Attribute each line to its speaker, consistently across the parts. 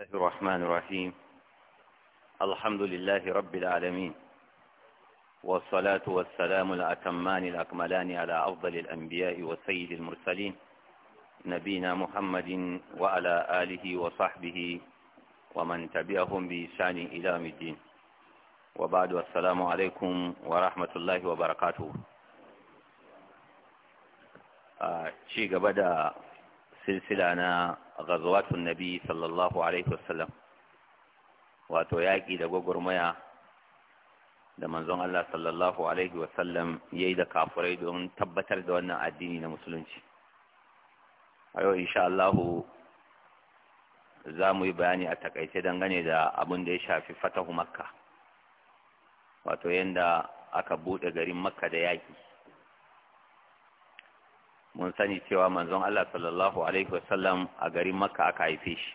Speaker 1: الله الرحمن الرحيم الحمد لله رب العالمين والصلاة والسلام الأتمان الأكملان على أفضل الأنبياء وسيد المرسلين نبينا محمد وعلى آله وصحبه ومن تبعهم بإحسان إلى يوم الدين وبعد والسلام عليكم ورحمة الله وبركاته آه، شيء بدأ silsila na ghazawatun nabi sallallahu alaihi wasallam wato yaƙi da gwagwarmaya da manzon Allah sallallahu alaihi wasallam yayi da kafurai don tabbatar da wannan addini na musulunci a yau insha Allah za mu yi bayani a takaice dangane da abin da ya shafi fatahu makka wato yadda aka buɗe garin makka da yaƙi mun sani cewa manzon Allah sallallahu alaihi wasallam a garin Makka aka haife shi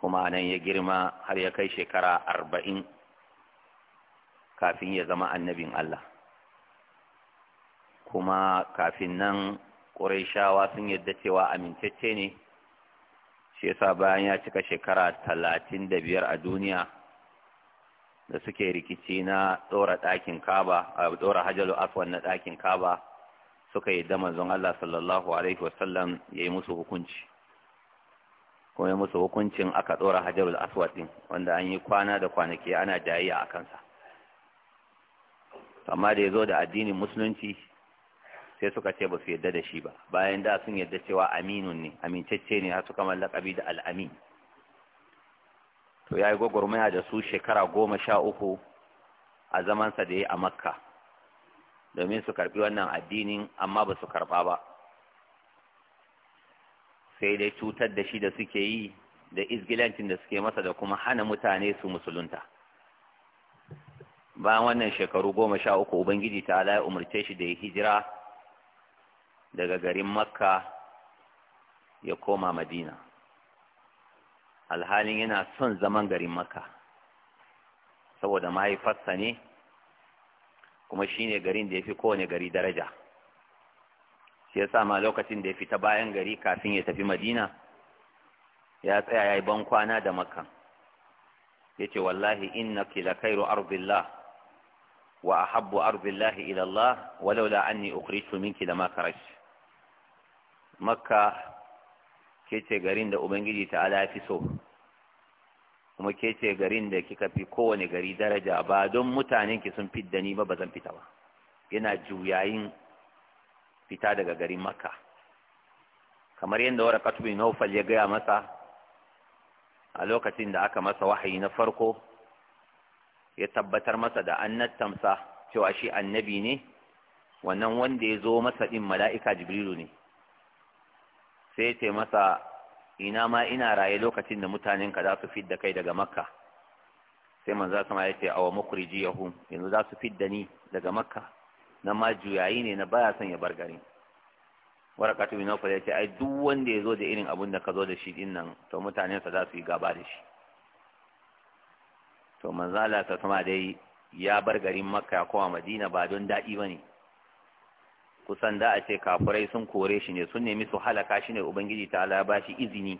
Speaker 1: kuma nan ya girma har ya kai shekara arba'in kafin ya zama annabin Allah kuma kafin nan ƙuraishawa sun yadda cewa amintacce ne shi yasa bayan ya cika shekara talatin da biyar a duniya da suke rikici na ɗora ɗakin kaba a ɗora hajjalu afwan na ɗakin kaba suka yi dama manzon Allah sallallahu alaihi wasallam ya yi musu hukunci kuma ya musu hukuncin aka ɗora hajarul aswad ɗin wanda an yi kwana da kwanaki ana jayayya a kansa amma da ya zo da addinin musulunci sai suka ce ba su yadda da shi ba bayan da sun yadda cewa aminun ne amincacce ne har suka mallakabi da al'amin to ya yi gwagwarmaya da su shekara goma sha uku a zamansa da ya yi a makka domin su karɓi wannan addinin amma ba su karfa ba sai dai cutar da shi da suke yi da isgilancin da suke masa da kuma hana mutane su musulunta bayan wannan shekaru goma sha uku ubangiji ta ala ya umarce shi da ya hijira daga garin makka ya koma madina alhalin yana son zaman garin makka saboda mahaifarsa ne kuma shi ne garin da ya fi kowane gari daraja shi yasa ma lokacin da ya fita bayan gari kafin ya tafi madina ya tsaya ya yi ban kwana da makka ya ce wallahi innaki kairu arzillah wa ahabbu habbu arzillah ilallah walaula ni ukhrijtu minki da makarashi makka ke ce garin da ubangiji ta ala ya fi so kuma ke ce garin da kika fi kowane gari daraja ba don mutanen ki sun fidda ni ba ba zan fita ba yana juyayin fita daga garin makka kamar yadda wara katubi naufal ya gaya masa a lokacin da aka masa wahayi na farko ya tabbatar masa da annattamsa cewa shi annabi ne wannan wanda ya zo masa din mala'ika jibrilu ne sai ce masa ina ma ina raye lokacin da mutanen ka za su fidda kai daga makka sai manzo sama ya ce awa mukhriji yahu yanzu za su fidda ni daga makka na ma juyayi ne na baya son ya bar gari warakatu bin nawfal ya ce ai duk wanda ya zo da irin abun da ka zo da shi din nan to mutanen sa za su yi gaba da shi to manzo Allah ta sama dai ya bar garin makka ya koma madina ba don daɗi bane kusan da a ce kafurai sun kore shi ne sun nemi su halaka shi ne ubangiji ta ala ba shi izini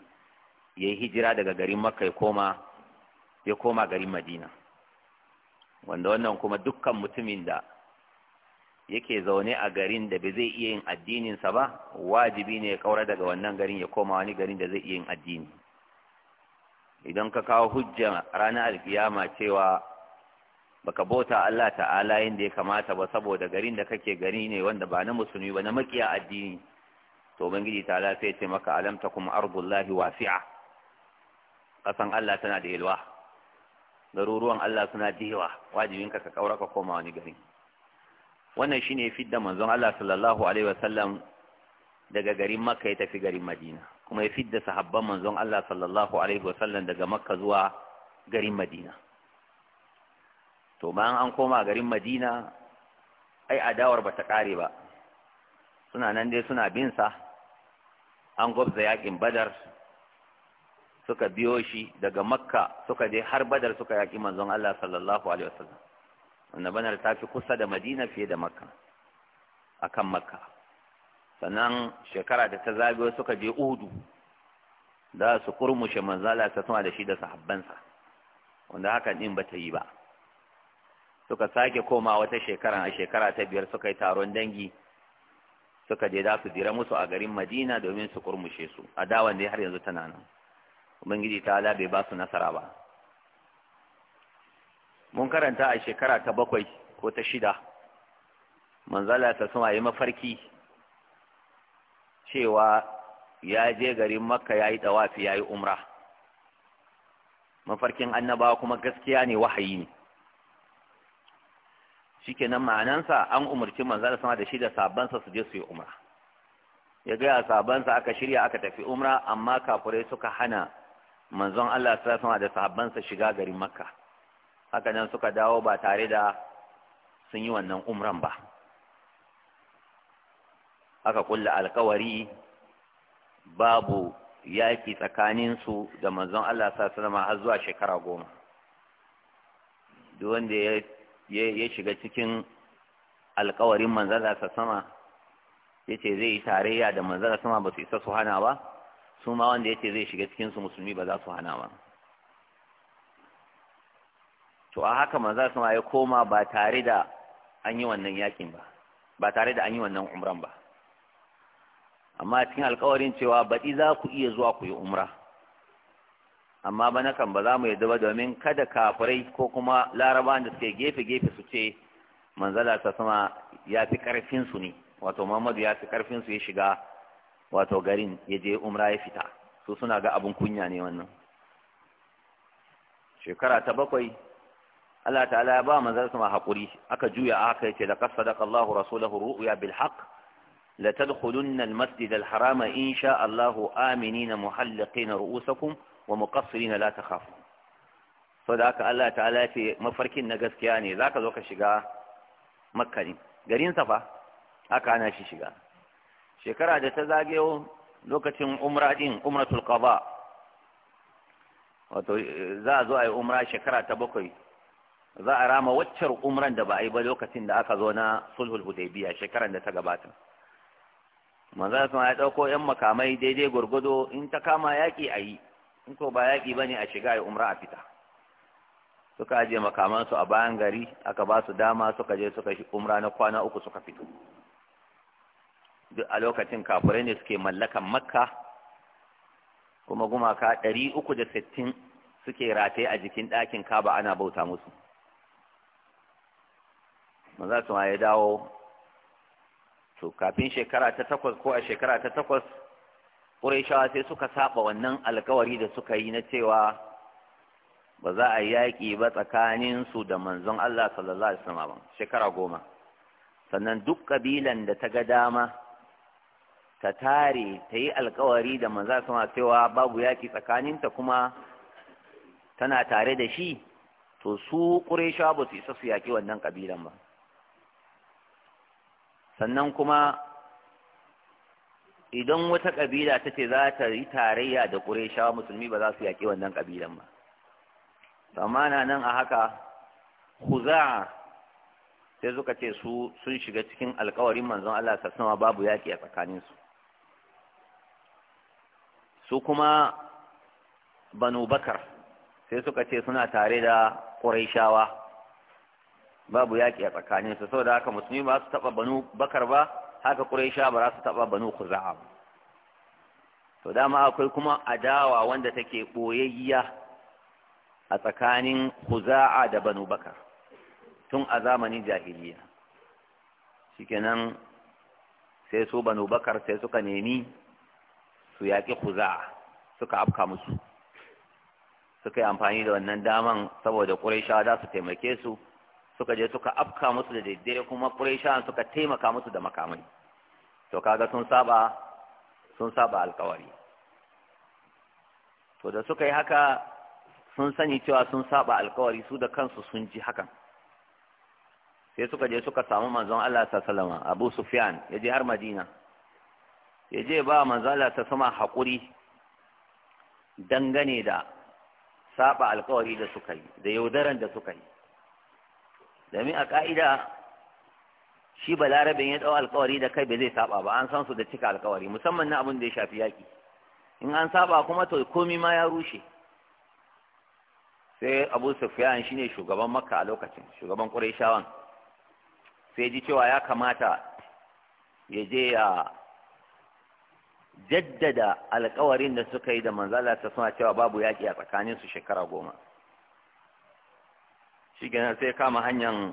Speaker 1: ya yi hijira daga garin makka ya koma garin madina wanda wannan kuma dukkan mutumin da yake zaune a garin da bai zai iya yin addininsa ba wajibi ne ya kaura daga wannan garin ya koma wani garin da zai iya yin addini idan ka kawo hujja ranar alkiyama cewa baka bauta Allah ta'ala yadda ya kamata ba saboda garin da kake gari ne wanda ba na musulmi ba na makiya addini to ubangiji ta'ala sai ce maka alam takum ardullahi wasi'a kasan Allah tana da yalwa garuruwan Allah suna da yawa wajibin ka ka kaura ka koma wani gari wannan shine fidda manzon Allah sallallahu alaihi wasallam daga garin Makka ya tafi garin Madina kuma ya fidda sahabban manzon Allah sallallahu alaihi wasallam daga Makka zuwa garin Madina to bayan an koma garin madina ai adawar ba ta ƙare ba suna nan dai suna binsa an gwabza yakin badar suka biyo shi daga makka suka je har badar suka yaki manzon Allah sallallahu alaihi wasallam wannan banar ta fi kusa da madina fiye da makka akan makka sannan shekara da ta zagayo suka je uhudu da su kurmushe manzala ta tuna da shi da sahabbansa wanda haka din ba ta yi ba suka sake koma wata shekara a shekara ta biyar suka yi taron dangi suka je za su dira musu a garin madina domin su kurmushe su a dawan dai har yanzu tana nan ubangiji ta ala bai ba su nasara ba mun karanta a shekara ta bakwai ko ta shida manzala ta suma yi mafarki cewa ya je garin makka ya yi ɗawafi ya yi umra mafarkin annabawa kuma gaskiya ne wahayi ne shikenan ma'anansa an umarci da sama da shi da sabansa su je su yi umra ya gaya sabansa aka shirya aka tafi umra amma kafurai suka hana manzon Allah sallallahu alaihi da sabansa shiga garin Makka haka nan suka dawo ba tare da sun yi wannan umran ba aka kulla alkawari babu yaki tsakaninsu da manzon Allah sallallahu alaihi har zuwa shekara goma duk wanda ya ya shiga cikin alkawarin manzala sa sama ya ce zai yi tarayya da manzara sama ba su isa su hana ba su ma wanda ya ce zai shiga su musulmi ba za su hana ba to a haka manzala sama ya koma ba tare da an yi wannan yakin ba ba tare da an yi wannan umran ba amma cikin alkawarin cewa baɗi za ku iya zuwa ku yi umra amma ba kan ba za mu yadda ba domin kada kafirai ko kuma laraba da suke gefe-gefe su ce manzala ta sama ya fi ƙarfinsu ne wato muhammadu ya fi ƙarfinsu ya shiga wato garin ya je umra ya fita su suna ga abin kunya ne wannan shekara ta bakwai Allah ta'ala ya ba manzala sama haƙuri aka juya aka yace da sadaqa Allahu rasulahu ru'ya bil haqq la tadkhulunna al masjid al harama in sha na aminina muhalliqina ru'usakum wa muqassirina la takhafu saboda haka Allah ta'ala ya ce mafarkin na gaskiya ne zaka zo ka shiga makka ne garin safa aka ana shi shiga shekara da ta zagewo lokacin umra din umratul qada wato za a zo a yi umra shekara ta bakwai za a rama waccar umran da ba a yi ba lokacin da aka zo na sulhul hudaybiya shekaran da ta gabata manzo ya dauko yan makamai daidai gurgudo in ta kama yaki a yi in ko ba yaƙi ba ne a shiga ya umra a fita suka je makamansu a bayan gari aka ba su dama suka je suka shi umra na kwana uku suka fito duk a lokacin kafirai ne suke mallakan makka kuma gumaka ɗari uku da sittin suke rataye a jikin ɗakin kaba ana bauta musu maza su ma ya dawo to kafin shekara ta takwas ko a shekara ta takwas shawa sai suka saba wannan alkawari da suka yi na cewa ba za a yaƙi ba tsakanin su da manzon Allah sallallahu alaihi wasallam shekara goma sannan duk ƙabilan da ta ga dama ta tare ta yi alkawari da manzon sama cewa babu yaƙi tsakaninta kuma tana tare da shi to su shawa ba su isa su yaƙi wannan ƙabilan ba sannan kuma idan wata kabila ta ce za ta yi tarayya da ƙureshawa musulmi ba za su yaƙi wannan kabilan ba samana nan a haka huza sai suka ce su sun shiga cikin alkawarin manzon Allah sassama babu yaƙi a tsakaninsu su kuma banu bakar sai suka ce suna tare da ƙuraishawa babu yaƙi a tsakaninsu saboda haka musulmi ba su taɓa banu bakar ba haka ƙuraishawa ba za su taɓa banu kuza'a ba to dama akwai kuma adawa wanda take ɓoyayya a tsakanin kuzaa da banu bakar tun a zamanin jahiliya shikenan sai su banu bakar sai suka nemi su yaƙi kuzaa, suka afka musu suka yi amfani da wannan daman saboda ƙuraishawa za su taimake su suka je suka afka musu da daidai kuma ƙuraishawa suka taimaka musu da makamai to kaga sun saba sun saba alkawari to da suka yi haka sun sani cewa sun saba alkawari su da kansu sun ji hakan sai suka je suka samu manzon Allah sallama Abu Sufyan ya je har Madina ya je ba manzon Allah sama hakuri dangane da saba alkawari da suka yi da yaudaran da suka yi domin a ka'ida shi balarabin ya dau alkawari da kai ba zai saba ba an san su da cika alkawari musamman na abin da ya shafi yaki in an saba kuma to komi ma ya rushe sai abu sufyan shine shugaban makka a lokacin shugaban qurayshawan sai ji cewa ya kamata ya je ya jaddada alkawarin da suka yi da manzala ta suna cewa babu yaki a tsakanin su shekara goma shi sai kama hanyan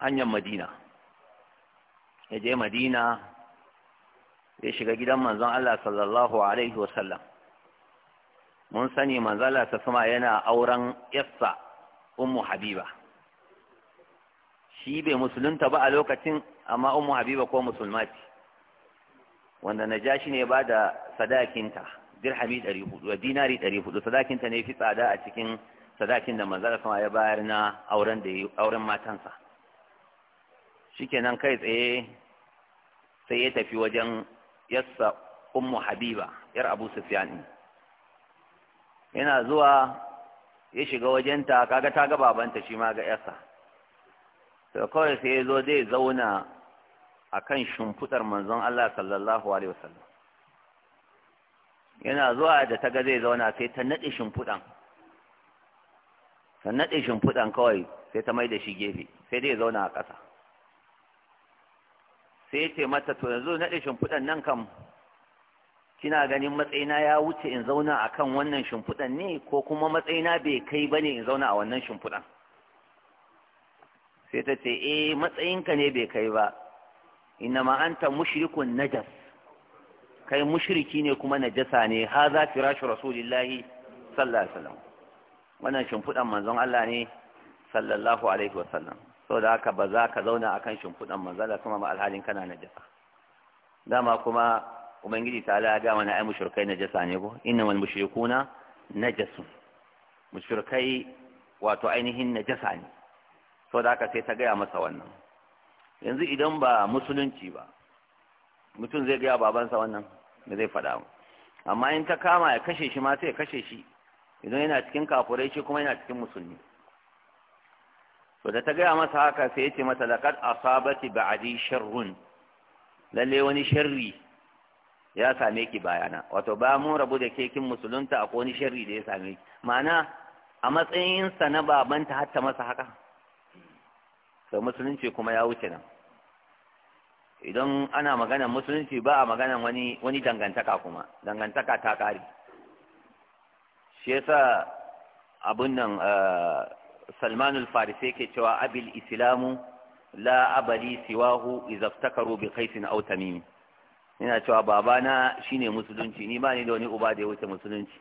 Speaker 1: hanyar madina ya je madina ya shiga gidan manzon Allah sallallahu alaihi wasallam mun sani manzon Allah ta sama yana auren yassa ummu habiba shi bai musulunta ba a lokacin amma ummu habiba ko musulma ce wanda najashi ne ba da sadakinta dirhami 400 wa dinari 400 sadakinta ne fi tsada a cikin sadakin da manzon Allah ya bayar na auren da auren matansa shikenan kai tsaye sai ya tafi wajen yassa ummu habiba yar abu sufyan yana zuwa ya shiga wajenta kaga ta ga babanta shi ma ga yassa to kawai sai ya zo zai zauna akan shimfudar manzon Allah sallallahu alaihi wasallam yana zuwa da ta ga zai zauna sai ta nade shimfuɗan. ta naɗe shimfuɗan kawai sai ta mai da shi gefe sai dai zauna a ƙasa sai ce mata to yanzu naɗe shimfiɗan nan kam kina ganin matsayina ya wuce in zauna a kan wannan shimfiɗan ne ko kuma matsayina bai kai ba ne in zauna a wannan shimfiɗan sai ta ce eh matsayinka ne bai kai ba inna ma'anta mushrikun najas kai mushriki ne kuma najasa ne ha za rashi rasulillahi sallallahu alaihi wasallam wannan shimfiɗan manzon Allah ne sallallahu alaihi wasallam so da haka ba za ka zauna akan shimfiɗan manzala kuma ma alhalin kana jasa. dama kuma ubangiji ta ala ga mana ai mushrikai jasa ne ko innamal mushrikuna jasa. mushrikai wato ainihin na jasa ne so da haka sai ta gaya masa wannan yanzu idan ba musulunci ba mutum zai gaya babansa wannan da zai faɗa mu amma in ta kama ya kashe shi ma sai ya kashe shi idan yana cikin kafurai shi kuma yana cikin musulmi to da ta gaya masa haka sai ya ce mata laqad asabati ba'di sharrun lalle wani sharri ya same ki bayana wato ba mun rabu da kekin musulunta akwai wani sharri da ya same ki ma'ana a matsayinsa na babanta hatta masa haka to musulunci kuma ya wuce nan idan ana maganar musulunci ba a maganar wani wani dangantaka kuma dangantaka ta kare shi yasa abun nan eh, salman al-farisi yake cewa abil islamu la abali siwahu idza iftakaru bi qaisin aw tamim yana cewa babana shine musulunci ni ba ni da wani uba da ya wuce musulunci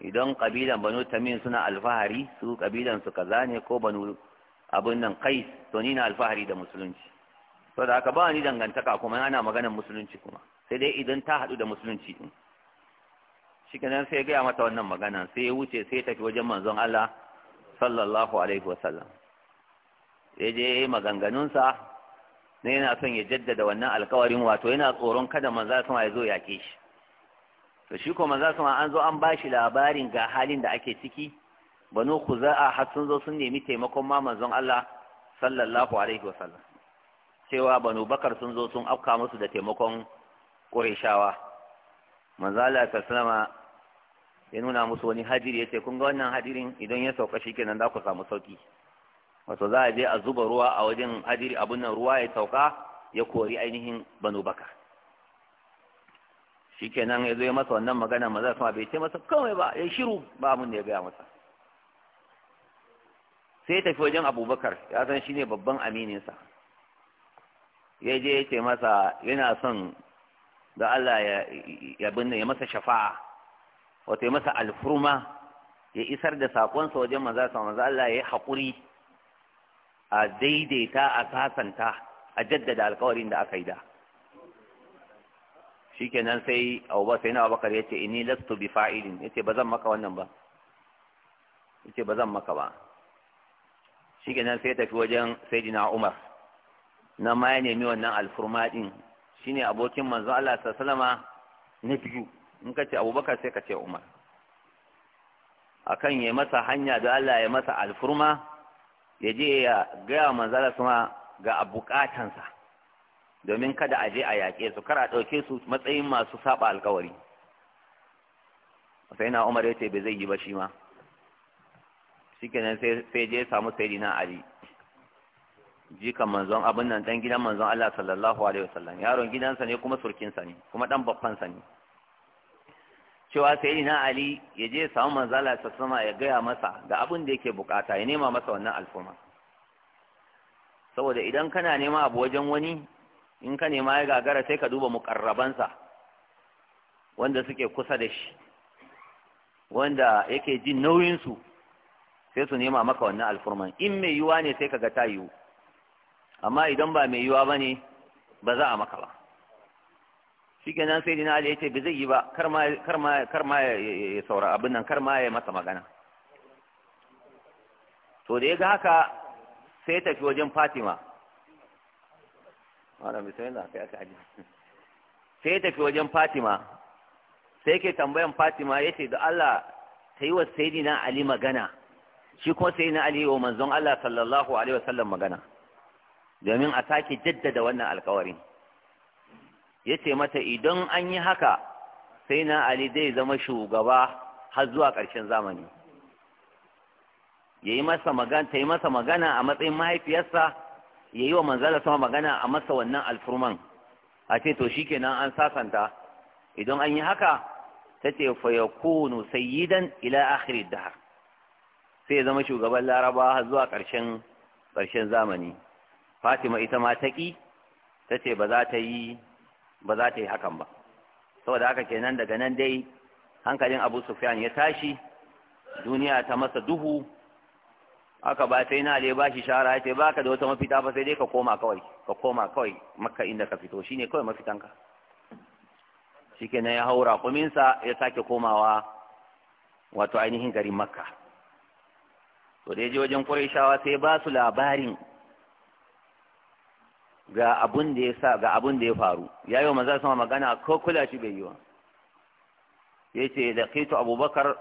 Speaker 1: idan kabilan banu tamim suna alfahari su kabilan su kaza ne ko banu abun nan qais to ni na alfahari da musulunci to da haka ba ni dangantaka kuma ana maganar musulunci kuma sai dai idan ta hadu da musulunci din shikenan sai ya gaya mata wannan magana sai ya wuce sai ya tafi wajen manzon Allah sallallahu alaihi wasallam ya je ya yi maganganunsa na yana son ya jaddada wannan alkawarin wato yana tsoron kada manza sama ya zo yaƙe shi to shi ko manza sama an zo an ba shi labarin ga halin da ake ciki banu kuza'a har sun zo sun nemi taimakon ma manzon Allah sallallahu alaihi wasallam cewa banu bakar sun zo sun afka musu da taimakon ƙurishawa manzo Allah sallama ya nuna musu wani hadiri ya ce kun ga wannan hadirin idan ya sauka shi kenan za ku samu sauki wato za a je a zuba ruwa a wajen hadiri abun nan ruwa ya sauka ya kori ainihin banu baka shi kenan ya zo ya masa wannan magana maza kuma bai ce masa kawai ba ya shiru ba mun da ya gaya masa sai ya tafi wajen abubakar ya san shi ne babban amininsa ya je ya ce masa yana son da Allah ya binne ya masa shafa'a wato masa alfurma ya isar da sakonsa wajen maza sa maza Allah ya yi haƙuri a daidaita a sasanta a jaddada alkawarin da aka yi da shikenan sai Abubakar sai na Abubakar ce ini lastu bi fa'ilin ba zan maka wannan ba ya ce ba zan maka ba shikenan sai tafi wajen Sayyidina Umar na ma ya nemi wannan alfurma din shine abokin manzon Allah sallallahu alaihi wasallama na biyu in ka ce abubakar sai ka ce umar a kan ya masa hanya da Allah ya masa alfurma ya je ya gaya manzala suma ga bukatansa domin kada a je a yaƙe su kar a ɗauke su matsayin masu saba alkawari sai na umar ya ce bai zai yi ba shi ma shi kenan sai je samu sai na ali jikan manzon abin nan dan gidan manzon Allah sallallahu alaihi wasallam yaron gidansa ne kuma surkinsa ne kuma dan sa ne cewa sai na ali ya je samu manzala ta sama ya gaya masa da abin da yake bukata ya nema masa wannan alfuma saboda idan kana nema abu wajen wani in ka nema ya gagara sai ka duba mukarrabansa wanda suke kusa da shi wanda yake jin nauyinsu sai su nema maka wannan alfurman in mai yiwuwa ne sai ka ga ta yiwu amma idan ba mai yiwuwa ba ne ba za a maka ba shi kenan sai dina ali ya ce zai yi ba kar ma ya saura abin nan kar ma ya masa magana to da ya ga haka sai tafi wajen fatima sai tafi wajen fatima sai ke tambayan fatima ya ce da allah ta yi wa sayidina ali magana shi kuma sayidina ali wa manzon allah sallallahu alaihi wasallam magana domin a sake jaddada wannan alkawarin ya ce mata idan an yi haka sai na ali zai zama shugaba har zuwa ƙarshen zamani ya yi masa magana ta yi masa magana a matsayin mahaifiyarsa ya yi wa manzala sama magana a masa wannan alfurman a ce to shi kenan an sasanta idan an yi haka ta ce fa yakunu sayyidan ila akhir da sai ya zama shugaban laraba har zuwa ƙarshen ƙarshen zamani fatima ita ma ta ƙi ta ce ba za ta yi ba za ta yi hakan ba saboda haka kenan daga nan dai hankalin abu sufyan ya tashi duniya ta masa duhu aka ba sai na ba shi shara ya ce baka da wata mafita ba sai dai ka koma kawai ka koma kawai makka inda ka fito shine kawai mafitanka kenan ya haura kuminsa ya sake komawa wato ainihin garin makka to dai je wajen qurayshawa sai ba su labarin ga abun da ya sa ga abun da ya faru ya yi wa maza sama magana ko kula shi bai yi wa ya ce da kaitu abubakar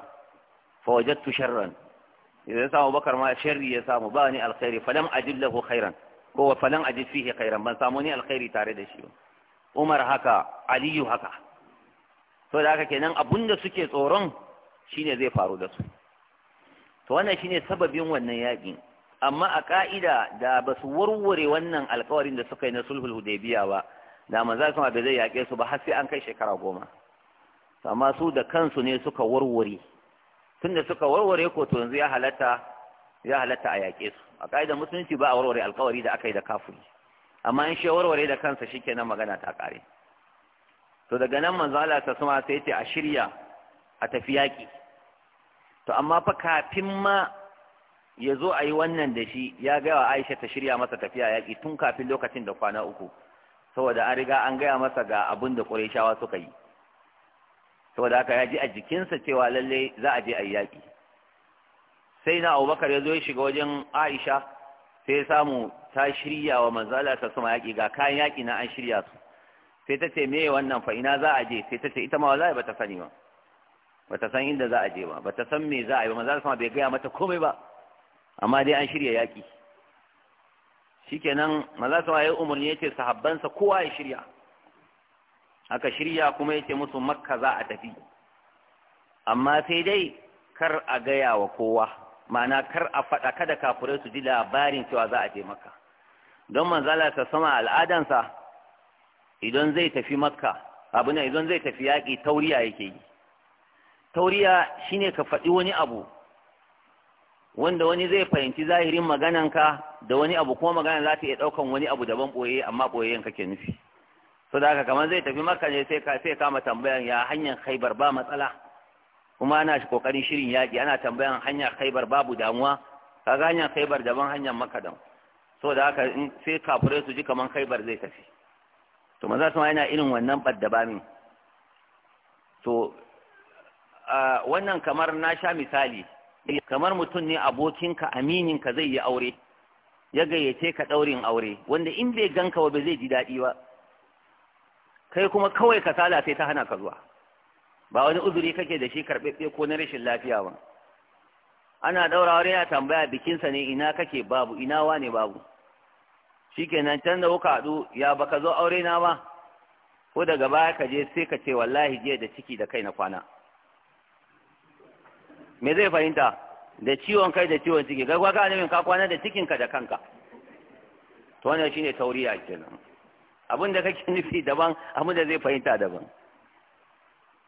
Speaker 1: fa wajattu sharran idan samu bakar ma sharri ya samu ba ni alkhairi falam ajid lahu khairan ko falan ajid fihi khairan ban samu ni alkhairi tare da shi ba. Umar haka Aliyu haka to da haka kenan abunda suke tsoron shine zai faru da su to wannan shine sababin wannan yakin amma a ka'ida da ba su warware wannan alkawarin da suka yi na sulhul hudaybiya ba da manzo ma bai zai yaƙe su ba har sai an kai shekara goma amma su da kansu ne suka warware tunda suka warware ko to yanzu ya halatta ya halatta a yaƙe su a ka'idar musulunci ba a warware alkawari da aka yi da kafuri. amma in shi warware da kansa shikenan magana ta kare to daga nan manzo Allah ta suma sai ce a shirya a tafi yaƙi to amma fa kafin ma ya zo a yi wannan da shi ya gaya wa aisha ta shirya masa tafiya yaƙi tun kafin lokacin da kwana uku saboda an riga an gaya masa ga abin da ƙureshawa suka yi saboda haka ya ji a jikinsa cewa lalle za a je a yi yaƙi sai na abubakar ya zo ya shiga wajen aisha sai ya samu ta shirya wa manzala ta sama yaƙi ga kayan yaƙi na an shirya su sai ta ce meye wannan fa ina za a je sai ta ce ita ma wallahi ta sani ba ta san inda za a je ba Ba ta san me za a yi ba manzala sama bai gaya mata komai ba amma dai an shirya yaƙi shikenan maza su waye umarni yace sahabbansa kowa ya shirya aka shirya kuma yace musu makka za a tafi amma sai dai kar a gaya wa kowa ma'ana kar a faɗa kada kafirai su ji labarin cewa za a je makka don manzala ta sama al'adansa idan zai tafi makka abu ne idan zai tafi yaƙi tauriya yake yi tauriya shine ka faɗi wani abu wanda wani zai fahimci zahirin magananka da wani abu kuma magana za ta iya ɗaukan wani abu daban ɓoye amma ɓoyayyen kake nufi so da haka kamar zai tafi maka ne sai ka sai kama tambayan ya hanyar khaibar ba matsala kuma ana kokarin shirin yaƙi ana tambayan hanyar khaibar babu damuwa kaga hanyar khaibar daban hanyar maka dan so da haka in sai kafure su ji kamar khaibar zai tafi to maza su yana irin wannan ɓaddaba min to wannan kamar na sha misali Eh, kamar mutum ne abokinka amininka zai yi aure ya gayyace ka ɗaurin aure wanda in bai ganka ba zai ji daɗi ba kai kuma kawai kasala sai ta hana ka zuwa ba wani uzuri kake da shi karɓaɓɓe ko na rashin lafiya ba ana ɗaurawa aure ya tambaya bikinsa ne ina kake babu ina wane babu shikenan can da kuka haɗu ya baka zo aure na ba ko daga baya ka je sai ka ce wallahi jiya da ciki da kai na kwana me zai fahimta da ciwon kai da ciwon ciki kai kuwa ka nufin ka kwana da cikinka da kanka to wannan shine tauriya kenan abin da kake nufi daban abin da zai fahimta daban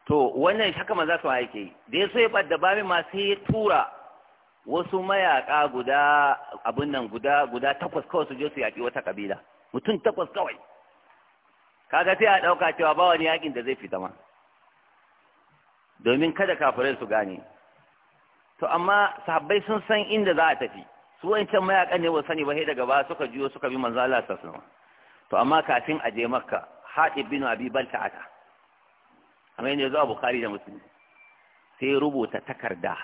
Speaker 1: to wannan haka maza su aike da ya so ya ɓadda babin ma sai ya tura wasu mayaka guda abin nan guda guda takwas kawai su je su yaƙi wata kabila mutum takwas kawai kaga sai a ɗauka cewa ba wani yaƙin da zai fita ma domin kada kafirai su gane to amma sahabbai sun san inda za a tafi su wancan mayakan ne ba sani ba sai daga ba suka juyo suka bi manzo Allah sallallahu alaihi wasallam to amma kafin a je makka hadi bin Abi aka amma yanzu zuwa Bukhari da Muslim sai rubuta takarda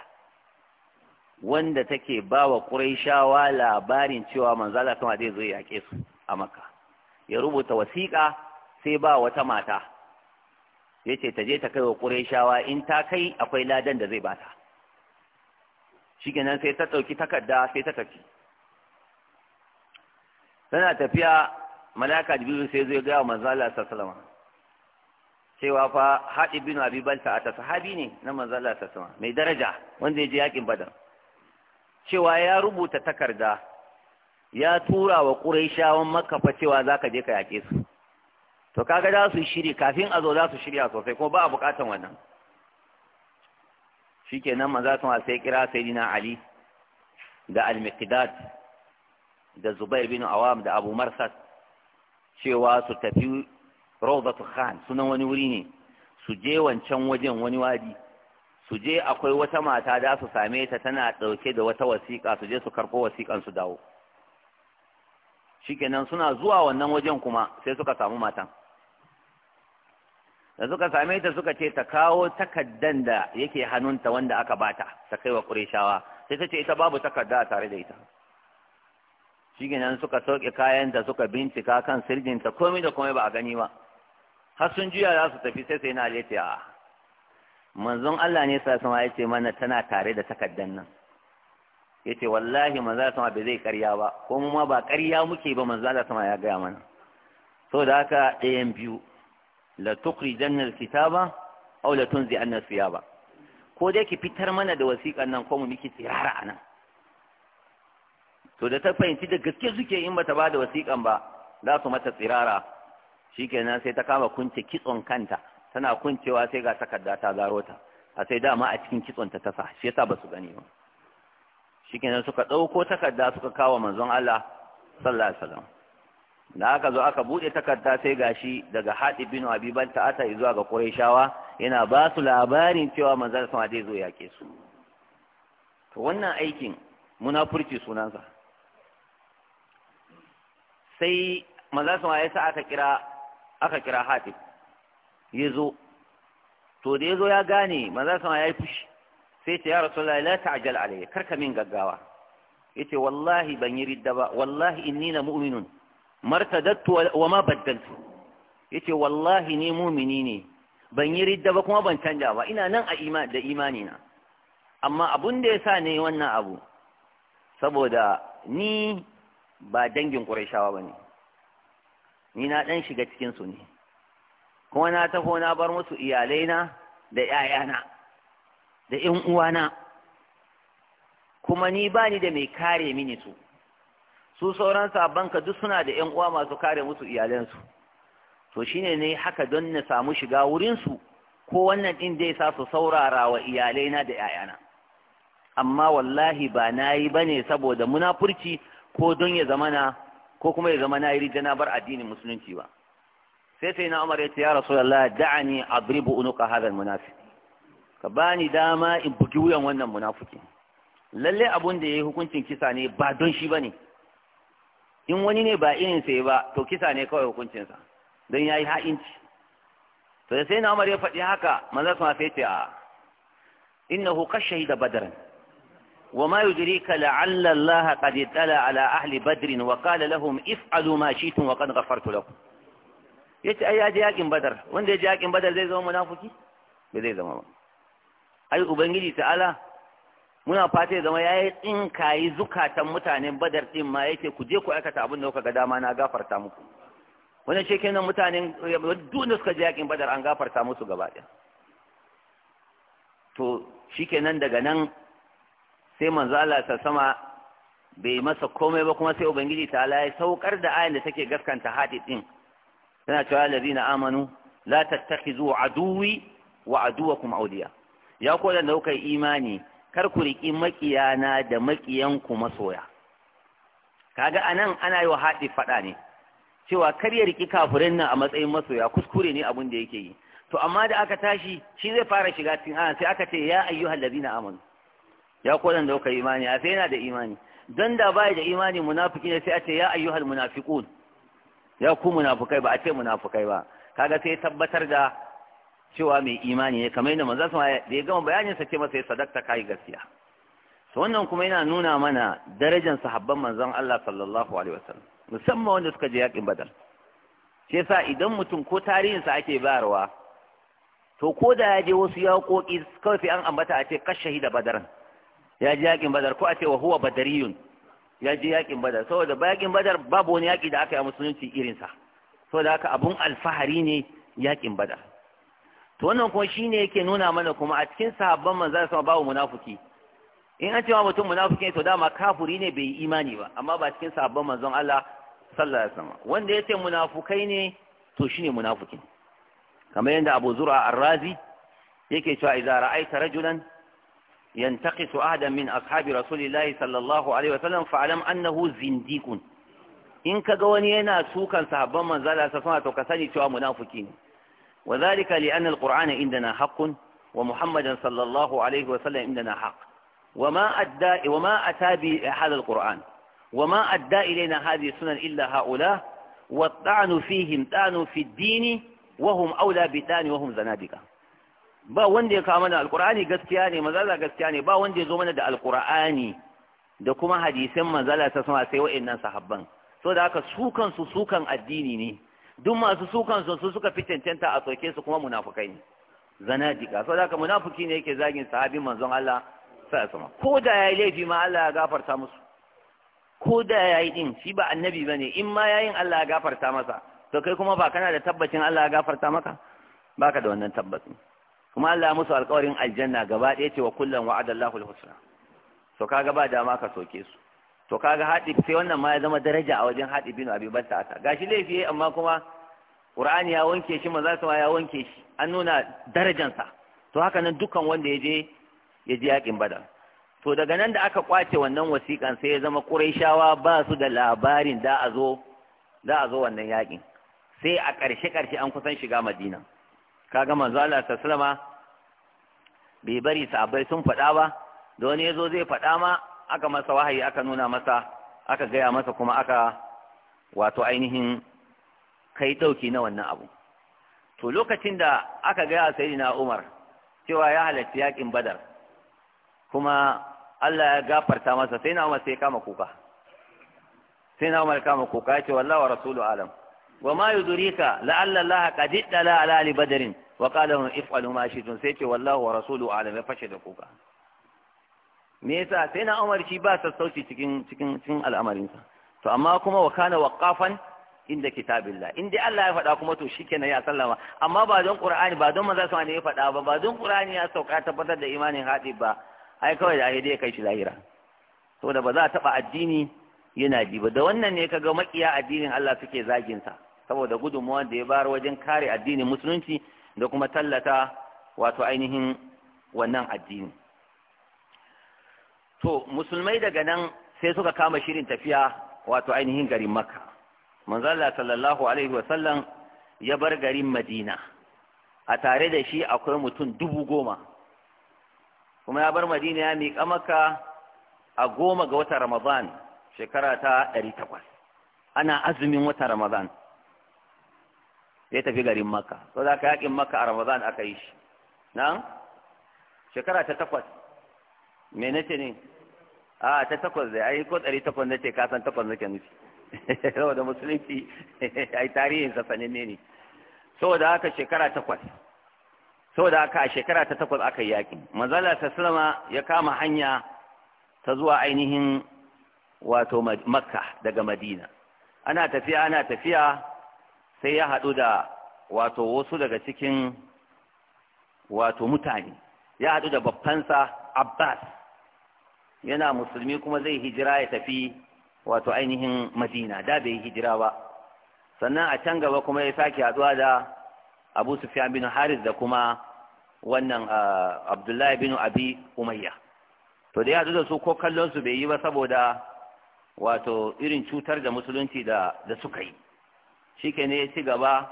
Speaker 1: wanda take bawa Qurayshawa labarin cewa manzo Allah kuma zai zo yake su a makka ya rubuta wasiƙa sai ba wata mata yace ta je ta kai wa quraishawa in ta kai akwai ladan da zai bata shikenan sai ta ɗauki takarda sai ta tafi tana tafiya malaka jibril sai zai ga manzo Allah sallallahu cewa fa haɗi bin abi balta ta sahabi ne na manzala sallallahu mai daraja wanda ya je yakin badar cewa ya rubuta takarda ya tura wa quraishawan makka fa cewa zaka je ka yake su to kaga za su shiri kafin a zo za su shirya sosai kuma ba a bukatan wannan nan maza sun sai kira Saidina ali da al-miqdad da zubair bin awam da abu marsad cewa su tafi rawdatu khan sunan wani wuri ne su je wancan wajen wani wadi su je akwai wata mata da su same ta tana ɗauke da wata wasiƙa su je su karɓo wasiƙan su dawo shikenan suna zuwa wannan wajen kuma sai suka samu matan da suka same ta suka ce ta kawo takaddan da yake hannunta wanda aka bata ta kai wa ƙurishawa sai ta ce ita babu takadda a tare da ita shi nan suka sauke kayanta suka bincika kan sirjinta komai da komai ba a gani ba har sun juya za su tafi sai sai na alete a manzon Allah ne sa sama ya ce mana tana tare da takaddan nan ya ce wallahi manzon Allah sama bai zai karya ba ko mu ma ba karya muke ba manzo sama ya gaya mana saboda haka ɗayan biyu la tukhrijanna alkitaba aw la tunzi'anna ba. ko dai ki fitar mana da wasikar nan ko mu miki tsirara anan to da ta fahimci da gaske suke in bata ba da wasiƙan ba za su mata tsirara shikenan sai ta kama kunce kitson kanta tana kuncewa sai ga takarda ta zaro a sai dama a cikin kitson ta tasa shi yasa ba su gani ba shikenan suka ɗauko takarda suka kawo manzon Allah sallallahu da aka zo aka bude takarda sai gashi daga haɗi bin abi balta ata zuwa ga qurayshawa yana ba su labarin cewa manzon sama zai zo yake su to wannan aikin munafurci sunansa sai manzon sama ya sa aka kira aka kira haɗi ya zo to da ya zo ya gane manzon sama ya yi fushi sai ce ya rasulullahi la ta'jal alayya ka min gaggawa yace wallahi ban yi ridda ba wallahi inni na mu'minun martadattu wa ma baddaltu yace wallahi ni mumini ne ban yi ridda ba kuma ban canja ba ina nan a ima da imani na amma abun da yasa ne wannan abu saboda ni ba dangin Qurayshawa bane ni na dan shiga cikin su ne kuma na taho na bar musu iyalaina da 'ya'yana da 'yan uwana kuma ni bani da mai kare mini su su sauran sabanka duk suna da 'yan uwa masu kare musu su to shine ne haka don na samu shiga wurin su ko wannan din ya sa su saurara wa iyalaina da 'ya'yana. amma wallahi ba nayi bane saboda munafurci ko don ya zamana ko kuma ya zama nayi rijana bar addinin musulunci ba sai sai na Umar ya ce ya Rasulullah da'ani adribu unuka hadha almunafiq ka bani dama in bugi wuyan wannan munafiki lalle abun da yi hukuncin kisa ne ba don shi bane in wani ne ba irin sai ba to kisa ne kawai hukuncinsa don ya yi ha'inci to da sai na umar ya faɗi haka manzan sama sai ce a innahu kashahi da badaran wa ma yudrika la'alla Allah qad tala ala ahli badrin wa qala lahum if'alu ma shi'tum wa qad ghafartu lakum yace ai ya je yakin badar wanda ya je yakin badar zai zama munafuki? ba zai zama ba ai ubangiji ta'ala muna fata ya zama ya yi tsinkayi zukatan mutanen badar ɗin ma yake ku je ku aikata abin da kuka ga dama na gafarta muku wannan shi kenan mutanen duniya suka je yakin badar an gafarta musu gaba ɗaya to shi kenan daga nan sai manzo Allah ta sama bai masa komai ba kuma sai ubangiji ta Allah ya saukar da ayan da take gaskanta hadi din tana cewa allazina amanu la tattakhizu aduwi wa aduwakum awliya ya ko da kuka imani kar ku riƙi maƙiyana da maƙiyanku masoya kaga anan ana yi wa haɗi faɗa ne cewa kar ya riƙi kafirin nan a matsayin masoya kuskure ne abin da yake yi to amma da aka tashi shi zai fara shiga cikin ana sai aka ce ya ayyuhal ladina amanu ya kodan da kuka imani a sai yana da imani dan da bai da imani munafiki ne sai a ce ya ayyuhal munafiqun ya ku munafikai ba a ce munafikai ba kaga sai tabbatar da cewa mai imani ne kamar yadda manzo sama da ya gama bayanin sa ce masa ya sadakta kai gaskiya to wannan kuma yana nuna mana darajar sahabban manzon Allah sallallahu alaihi wasallam musamman wanda suka je yakin badal shi yasa idan mutum ko tarihin sa ake bayarwa to ko da ya je wasu yaƙoƙi kawai sai an ambata a ce ka shahida badaran ya je yakin badar ko a ce wa huwa badariyun ya je yakin badar saboda yakin badar babu wani yaƙi da aka yi a musulunci irinsa saboda haka abun alfahari ne yakin badar to wannan kuma shine yake nuna mana kuma a cikin sahabban manzon sama babu munafiki in an cewa mutum munafiki ne to dama kafuri ne bai yi imani ba amma ba cikin sahabban manzon Allah sallallahu alaihi wasallam wanda yace munafukai ne to shine munafiki kamar yadda Abu Zur'a Ar-Razi yake cewa idza ra'aita rajulan ينتقص أحدا من أصحاب رسول الله annahu الله In وسلم فعلم أنه زنديق إن كغواني sallallahu alaihi wasallam to ka sani cewa munafuki ne. وذلك لأن القرآن عندنا حق ومحمدا صلى الله عليه وسلم عندنا حق وما أدى وما أتى بهذا القرآن وما أدى إلينا هذه السنن إلا هؤلاء والطعن فيهم طعن في الدين وهم أولى بتان وهم زنادقة ba wanda ya kawo mana gaskiya ne mazala gaskiya ne ba wanda ya zo mana da alkur'ani da kuma hadisan manzala ta sama sai wa'annan sahabban so da haka su sukan addini ne duk masu sukan su suka fi cancanta a soke su kuma munafukai ne zanadika sau da ka munafuki ne yake zagin sahabin manzon Allah sai sama ko da yayi laifi ma Allah ya gafarta musu ko da yayi din shi ba annabi bane in ma yayin Allah ya gafarta masa to kai kuma ba kana da tabbacin Allah ya gafarta maka baka da wannan tabbacin kuma Allah ya musu alƙawarin aljanna gaba ɗaya ce wa kullum wa'adallahu alhusna to kaga ba dama ka soke su to kaga haɗi sai wannan ma ya zama daraja a wajen haɗi bin abi basta Ga gashi laifi amma kuma ƙur'ani ya wanke shi manzo sama ya wanke shi an nuna darajansa to haka nan dukkan wanda ya je ya je yakin badar to daga nan da aka kwace wannan wasikan sai ya zama quraishawa ba su da labarin da a zo da a zo wannan yakin sai a ƙarshe ƙarshe an kusan shiga madina kaga manzo Allah sallama bai bari sabai sun faɗa ba da wani ya zo zai faɗa ma aka masa wahayi aka nuna masa aka gaya masa kuma aka wato ainihin kai ɗauki na wannan abu to lokacin da aka gaya na umar cewa ya halarci yaƙin badar kuma Allah ya gafarta masa sai na umar sai kama kuka sai na umar kama kuka ya ce wallahi wa rasulu alam wa ma yudrika la'alla Allah qad ittala ala badarin, badrin wa qala if'alu ma shitun sai ce wallahi wa rasulu alam ya fashe da kuka me yasa sai na Umar shi ba sassauci cikin cikin cikin al'amarinsa to amma kuma wa kana waqafan inda kitabillah in Allah ya faɗa kuma to shikenan ya sallama amma ba don Qur'ani ba don manzo sallallahu ya faɗa ba ba don Qur'ani ya sauka tabbatar da imanin hadi ba ai kawai da ai kai shi lahira saboda ba za a taba addini yana ji ba da wannan ne kaga makiya addinin Allah suke zagin sa saboda gudunmuwa da ya bayar wajen kare addinin musulunci da kuma tallata wato ainihin wannan addini to musulmai daga nan sai suka kama shirin tafiya wato ainihin garin makka manzala sallallahu alaihi wasallam ya bar garin madina a tare da shi akwai mutum dubu goma kuma ya bar madina ya miƙa maka a goma ga wata ramadan shekara ta ɗari takwas ana azumin wata ramadan ya tafi garin maka so za ka yaƙin maka a ramadan aka yi shi na shekara ta takwas me nace ne a ta takwas da ai ko ɗari takwas nace ka san takwas nake nufi saboda musulunci ai tarihin sa ne ne saboda haka shekara takwas saboda haka a shekara ta takwas aka yi yakin manzala ta sallama ya kama hanya ta zuwa ainihin wato makka daga madina ana tafiya ana tafiya sai ya haɗu da wato wasu daga cikin wato mutane ya haɗu da babbansa abbas yana musulmi kuma zai hijira ya tafi wato ainihin madina da bai hijira ba sannan a can gaba kuma ya sake haduwa da abu sufyan bin haris da kuma wannan abdullahi bin abi umayya to da ya haɗu da su ko kallon su bai yi ba saboda wato irin cutar da musulunci da da suka yi shike ne ya ci gaba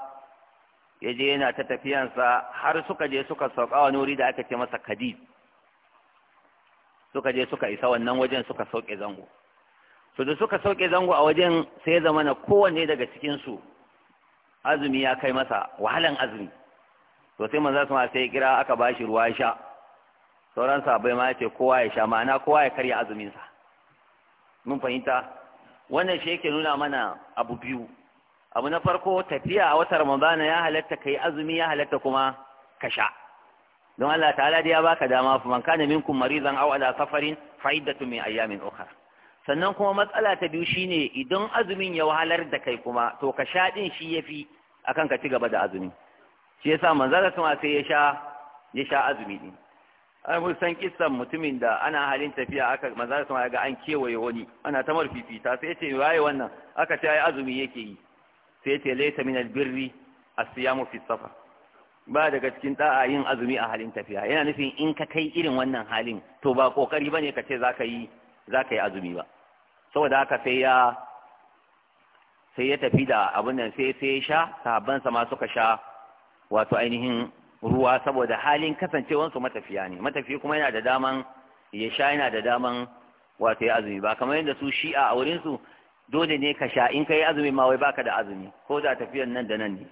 Speaker 1: ya je yana ta tafiyansa har suka je suka sauka wani wuri da aka ce masa kadid suka je suka isa wannan wajen suka sauke zango to da suka sauke zango a wajen sai ya zama na kowanne daga cikin su azumi ya kai masa wahalan azumi to sai manzo sama sai kira aka bashi ruwa sha sauran sahabbai ma yace kowa ya sha ma'ana kowa ya karya azumin sa mun fahimta wannan shi yake nuna mana abu biyu abu na farko tafiya a watan ramadana ya halatta kai azumi ya halatta kuma ka sha don Allah ta'ala da ya baka dama fa man kana minkum maridan aw ala safarin fa iddatu min ayamin ukhra sannan kuma matsala ta biyu shine idan azumin ya wahalar da kai kuma to ka sha din shi yafi akan ka ci gaba da azumi shi yasa manzala kuma sai ya sha ya sha azumi din ai mun san kissan mutumin da ana halin tafiya aka manzala kuma ga an kewaye wani ana ta marfifita sai ya ce waye wannan aka ce ai azumi yake yi sai ya ce laysa min albirri as-siyamu fi safar ba daga cikin da'a yin azumi a halin tafiya yana nufin in ka kai irin wannan halin to ba kokari bane ka ce zaka yi zaka yi azumi ba saboda haka sai ya sai ya tafi da abin nan sai sai ya sha sahabban sa ma suka sha wato ainihin ruwa saboda halin kasancewar su matafiya ne matafi kuma yana da daman ya sha yana da daman wato ya azumi ba kamar yadda su shi'a a wurin su dole ne ka sha in ka yi azumi ma wai baka da azumi ko da tafiyan nan da nan ne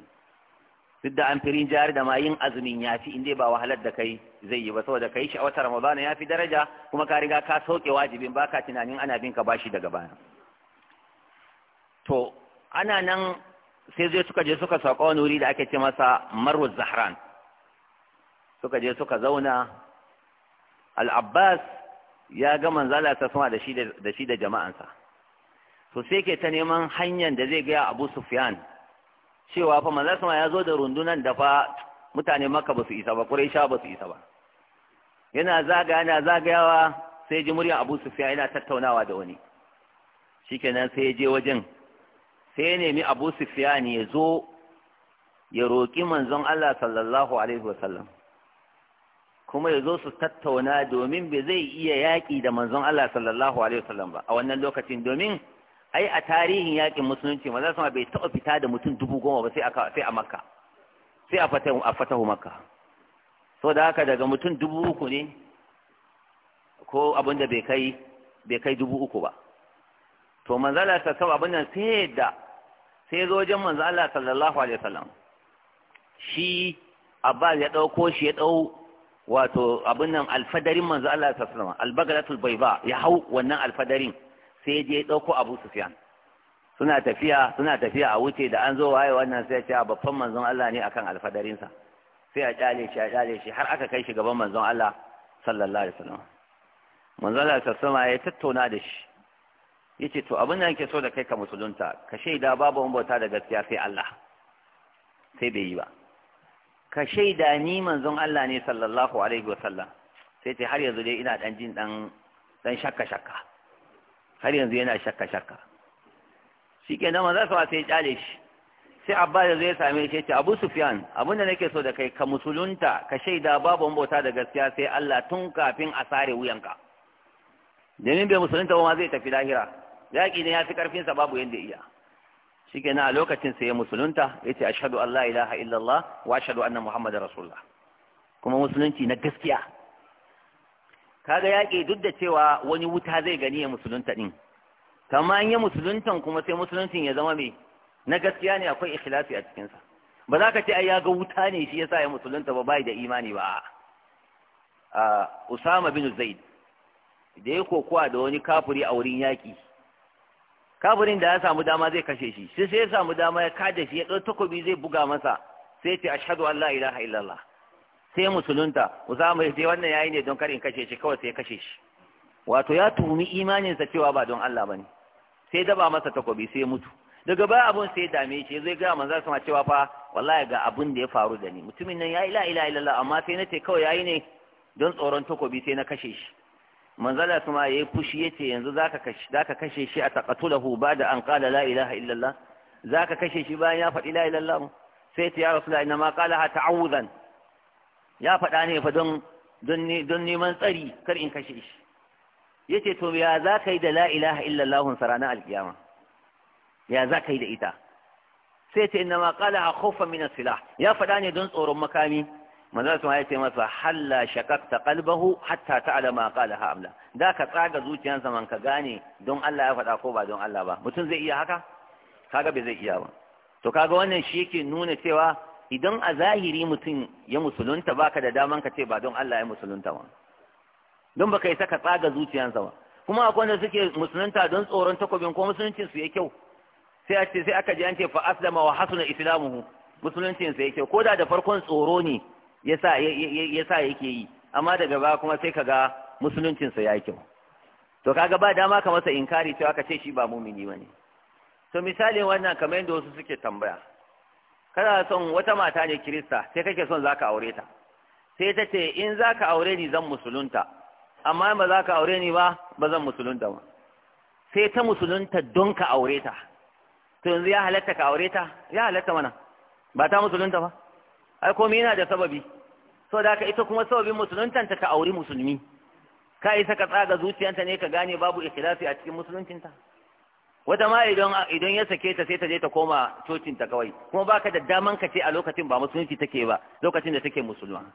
Speaker 1: duk da an firin jari da ma yin azumin ya fi inda ba wahalar da kai zai yi ba saboda kai shi a watan ramadana ya fi daraja kuma ka riga ka sauke wajibin baka tunanin ana bin ka bashi daga baya to ana nan sai zai suka je suka saƙo wani wuri da ake ce masa marwa zahran suka je suka zauna al-abbas ya ga manzala ta sama da shi da jama'ansa to sai ke ta neman hanyar da zai gaya abu sufyan cewa fa manzo sama ya zo da rundunan da fa mutane maka ba su isa ba quraisha ba su isa ba yana zaga yana zagayawa sai ji muryar abu sufiya yana tattaunawa da wani shikenan sai ya je wajen sai ya nemi abu ne ya zo ya roƙi manzon Allah sallallahu alaihi wasallam kuma ya zo su tattauna domin bai zai iya yaƙi da manzon Allah sallallahu alaihi wasallam ba a wannan lokacin domin ai a tarihin yakin musulunci maza sama bai taɓa fita da mutum dubu goma ba sai a sai a makka sai a fatahu a fatahu makka so da haka daga mutum dubu uku ne ko abin da bai kai bai kai dubu uku ba to manzo Allah ta saba abin nan sai da sai zo wajen manzo Allah sallallahu alaihi wasallam shi Abbas ya dauko shi ya dau wato abin nan alfadarin manzo Allah sallallahu alaihi wasallam albagalatul bayba ya hau wannan alfadarin sai je ɗauko abu sufiyan suna tafiya suna tafiya a wuce da an zo waye wannan sai ce babban manzon Allah ne akan alfadarinsa sai a kyale shi a kyale shi har aka kai shi gaban manzon Allah sallallahu alaihi wasallam manzon Allah sallallahu alaihi ya tattauna da shi yace to abin da yake so da kai ka musulunta ka shaida babu mun bauta da gaskiya sai Allah sai bai yi ba ka shaida ni manzon Allah ne sallallahu alaihi wasallam sai ce har yanzu dai ina dan jin dan dan shakka shakka har yanzu yana shakka shakka shi ke nan maza sawa sai kyale shi sai abba da zai same shi ce abu sufyan abinda nake so da kai ka musulunta ka shaida babu bauta da gaskiya sai Allah tun kafin a sare wuyanka domin bai musulunta ba ma zai tafi lahira yaƙi ne ya fi karfinsa babu yadda iya shi ke a lokacin sai ya musulunta ya ce ashadu Allah ilaha illallah wa ashadu anna muhammadar rasulullah kuma musulunci na gaskiya kaga yaƙi duk da cewa wani wuta zai gani ya musulunta din kamar an yi musuluntan kuma sai musuluntan ya zama mai na gaskiya ne akwai ikhlasi a cikinsa ba za ka ce ai ga wuta ne shi yasa ya musulunta ba bai da imani ba a Usama bin Zaid da ya kokowa da wani kafuri a wurin yaƙi Kafurin da ya samu dama zai kashe shi sai sai ya samu dama ya kada shi ya ɗau takobi zai buga masa sai ya ce ashadu an la ilaha illallah sai musulunta Usama ya ce wannan yayi ne don kar in kashe shi kawai sai kashe shi wato ya tuhumi sa cewa ba don Allah bane sai daba masa takobi sai mutu daga baya abun sai dame shi zai ga manzo sama cewa fa wallahi ga abun da ya faru da ni mutumin nan ya ila ila illallah amma sai nace kawai yayi ne don tsoron takobi sai na kashe shi manzo Allah sama yayi fushi yace yanzu zaka kashe zaka kashe shi a taqatulahu bada an qala la ilaha illallah zaka kashe shi bayan ya faɗi la ilaha illallah sai ya rasulullahi inna ma qalaha ta'awudan ya faɗa ne fa don don neman tsari kar in kashe shi ce to ya za ka yi da la'ilaha ilaha sarana alkiyama ya za ka yi da ita sai ta inna ma a kofa min as-silah ya faɗa ne don tsoron makami manzo sun ya ce masa halla shakakta kalbahu, hatta ta'lama qalaha amla da ka tsaga zuciyarsa man ka gane don Allah ya faɗa ko ba don Allah ba mutum zai iya haka kaga bai zai iya ba to kaga wannan shi yake nuna cewa idan a zahiri mutum ya musulunta baka da daman ka ce ba don Allah ya musulunta ba don baka yi saka tsaga zuciyansa ba kuma akwai wanda suke musulunta don tsoron takobin ko musuluncin su ya kyau sai a ce sai aka ji an ce fa wa hasuna islamuhu musuluncin ya kyau koda da farkon tsoro ne yasa yasa yake yi amma daga baya kuma sai kaga musuluncin sa ya kyau to kaga ba dama ka masa inkari cewa ka ce shi ba mumini bane to misalin wannan kamar yadda wasu suke tambaya kana son wata mata ne kirista sai kake son zaka aure ta sai ta ce in zaka aure ni zan musulunta amma ba za ka aure ni ba ba zan musulunta ba sai ta musulunta don ka aure ta to yanzu ya halatta ka aure ta ya halatta mana ba ta musulunta ba ai komai yana da sababi so da ita kuma sababin musuluntanta ka auri musulmi ka isa ka tsaga zuciyanta ne ka gane babu ikhlasi a cikin musuluncinta wata ma idan ya sake ta sai ta je ta koma cocin ta kawai kuma baka da daman ka ce a lokacin ba musulunci take ba lokacin da take musulma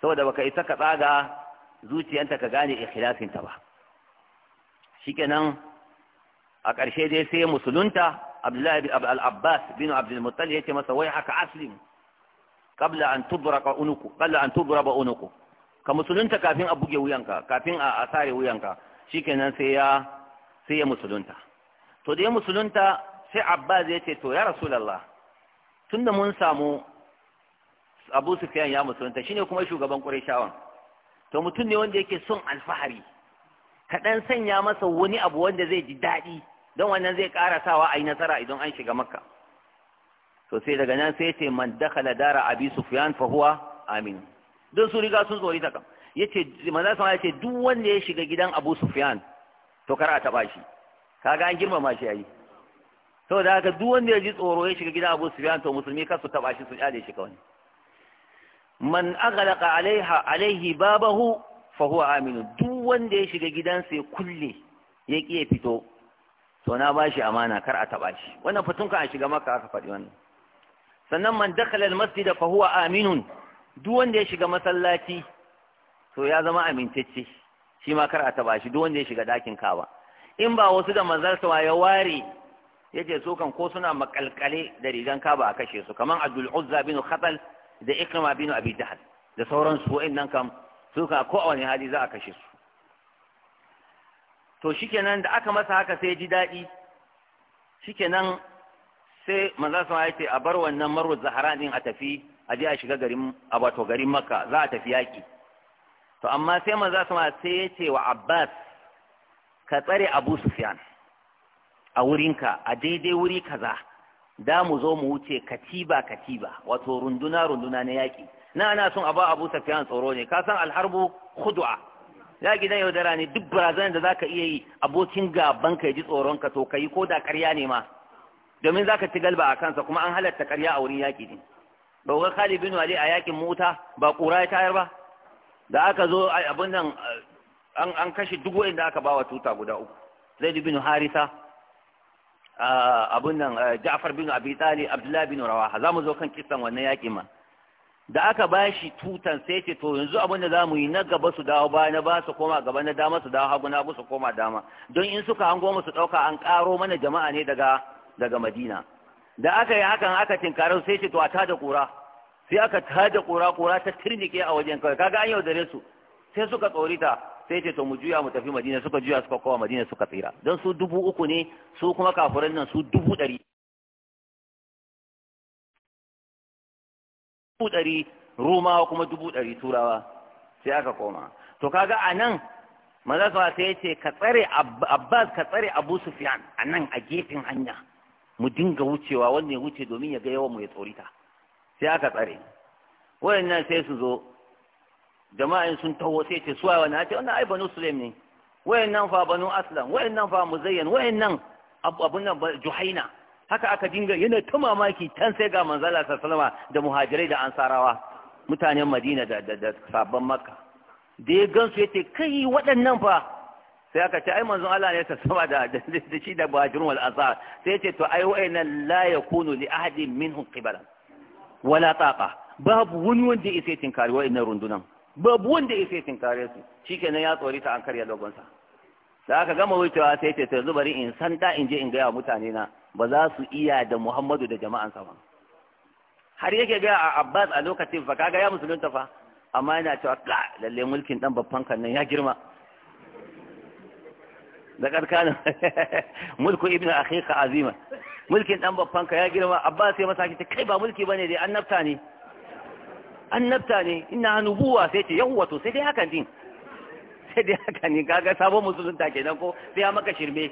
Speaker 1: saboda baka isa ka tsaga zuciyanta ka gane ikhlafin ta ba shikenan a ƙarshe dai sai musulunta Abdullahi bin Al-Abbas bin Abdul Muttalib yace masa wai haka aslim qabla an tubraka unuku qabla an tubraba unuku ka musulunta kafin a buge wuyanka kafin a sare wuyanka shikenan sai ya sai ya musulunta to da ya musulunta sai abbas ya ce to ya rasulallah tunda mun samu abu sufyan ya musulunta shine kuma shugaban qurayshawan to mutum ne wanda yake son alfahari kaɗan sanya masa wani abu wanda zai ji daɗi don wannan zai ƙara sawa a yi nasara idan an shiga makka to sai daga nan sai ce man dakhala dara abi sufyan fa huwa amin don su riga sun tsori ta kam yace manzo sama yace duk wanda ya shiga gidan abu sufyan to kar a taba shi kaga an girmama shi yayi saboda haka duk wanda ya ji tsoro ya shiga gidan Abu Sufyan to musulmi kar su taba shi su yade shi kawai man aghlaqa alaiha alaihi babahu fa huwa aminu duk wanda ya shiga gidansa ya kulle ya kiye fito to na bashi amana kar a taba shi wannan fatunka a shiga maka aka faɗi wannan sannan man dakhala almasjida fa huwa amin duk wanda ya shiga masallaci to ya zama amintacce shi ma kar a taba shi duk wanda ya shiga dakin kaba in ba wasu da manzarsa ya ware ya ce su kan ko suna makalkale da rigan kaba a kashe su kamar abdul uzza bin khatal da ikrima bin abi jahal da sauransu wa'annan kam su ka ko a wani hali za a kashe su to shikenan da aka masa haka sai ji daɗi shikenan sai manzo sama ya ce a bar wannan marwa zahara din a tafi a je a shiga garin a wato garin makka za a tafi yaki to amma sai manzo sai ya ce wa abbas ka tsare abu sufyan a wurinka a daidai wuri kaza da mu zo mu wuce katiba katiba wato runduna runduna na yaƙi na ana son a ba abu sufyan tsoro ne kasan alharbu alharbu ya yaƙi yau yaudara ne duk barazanar da zaka iya yi abokin gaban ka ji tsoron ka to kai ko da ƙarya ne ma domin zaka ci galba a kansa kuma an halatta ƙarya a wurin yaƙi din ba ga Khalid bin Walid a yaƙin mota ba ƙura ya tayar ba da aka zo abin nan an an kashe duk wanda aka bawa tuta guda uku zaid bin harisa abun nan ja'far bin abi talib abdullah bin rawaha zamu zo kan kissan wannan yaki ma da aka bashi tutan sai ce to yanzu abin da zamu yi na gaba su dawo baya na ba su koma gaba na dama su dawo hagu su koma dama don in suka hango musu su dauka an karo mana jama'a ne daga daga Madina da aka yi hakan aka tinkare sai ce to a tada kura sai aka tada kura kura ta tirnike a wajen kawai kaga an yaudare su sai suka tsorita sai ce to mu juya mu tafi madina suka juya suka kowa madina suka tsira don su dubu uku ne su kuma kafirin nan su dubu ɗari dubu ɗari rumawa kuma dubu ɗari turawa sai aka koma to kaga a nan maza su sai ya ce ka tsare abbas ka tsare abu sufyan a nan a gefen hanya mu dinga wucewa wannan ya wuce domin ya ga yawan mu ya tsorita sai aka tsare wayannan sai su zo jama'a sun taho sai ce suwa wani ce wannan ai banu sulaim ne wayan nan fa banu aslam wayan nan fa muzayyan wayan nan abun nan juhaina haka aka dinga yana ta mamaki can sai ga manzala sallama da muhajirai da ansarawa mutanen madina da da sabon makka da ya gansu yace kai waɗannan fa sai aka ce ai manzon Allah ne ya sallama da da shi da muhajirun wal ansar sai yace to ai wayannan la yakunu li ahadin minhum qibala wala taqa babu wani wanda ya yake tinkari wayannan rundunan babu wanda ya sai tinkare su nan ya tsori ta an karya dogonsa da aka gama wucewa sai ta yanzu in san da in je in gaya mutane na ba za su iya da Muhammadu da jama'ansa ba har yake gaya a Abbas a lokacin fa kaga ya musulunta fa amma yana cewa lalle mulkin dan babban kan nan ya girma da karkanin mulku ibnu akhika azima mulkin dan babban ka ya girma Abbas sai masa kace kai ba mulki bane dai annabta ne annabta ne ina nubuwa sai ce yawwa to sai dai hakan din sai dai haka ne kaga sabon musulun ta kenan ko sai ya maka shirme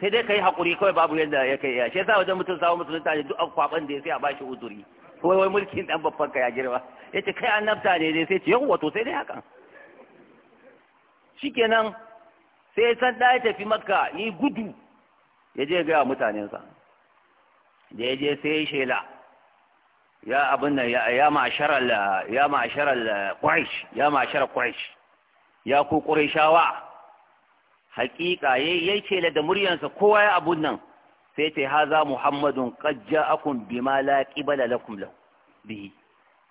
Speaker 1: sai dai kai hakuri kawai babu yadda ya kai ya shi yasa wajen mutum sabon ta ne duk kwaban da ya sai a bashi uzuri wai wai mulkin dan babban ka ya girma yace kai annabta ne dai sai ce yawwa to sai dai hakan shikenan sai san da ya tafi makka yi gudu ya je ga mutanensa da ya je sai shela ya abin nan ya ma'asharar ya ma'asharar ya ma'asharar quraish ya ku qurayshawa haqiqa yayi ce da muryansa kowa ya abun nan sai ce haza muhammadun qad ja'akum bima la qibala lakum lahu bihi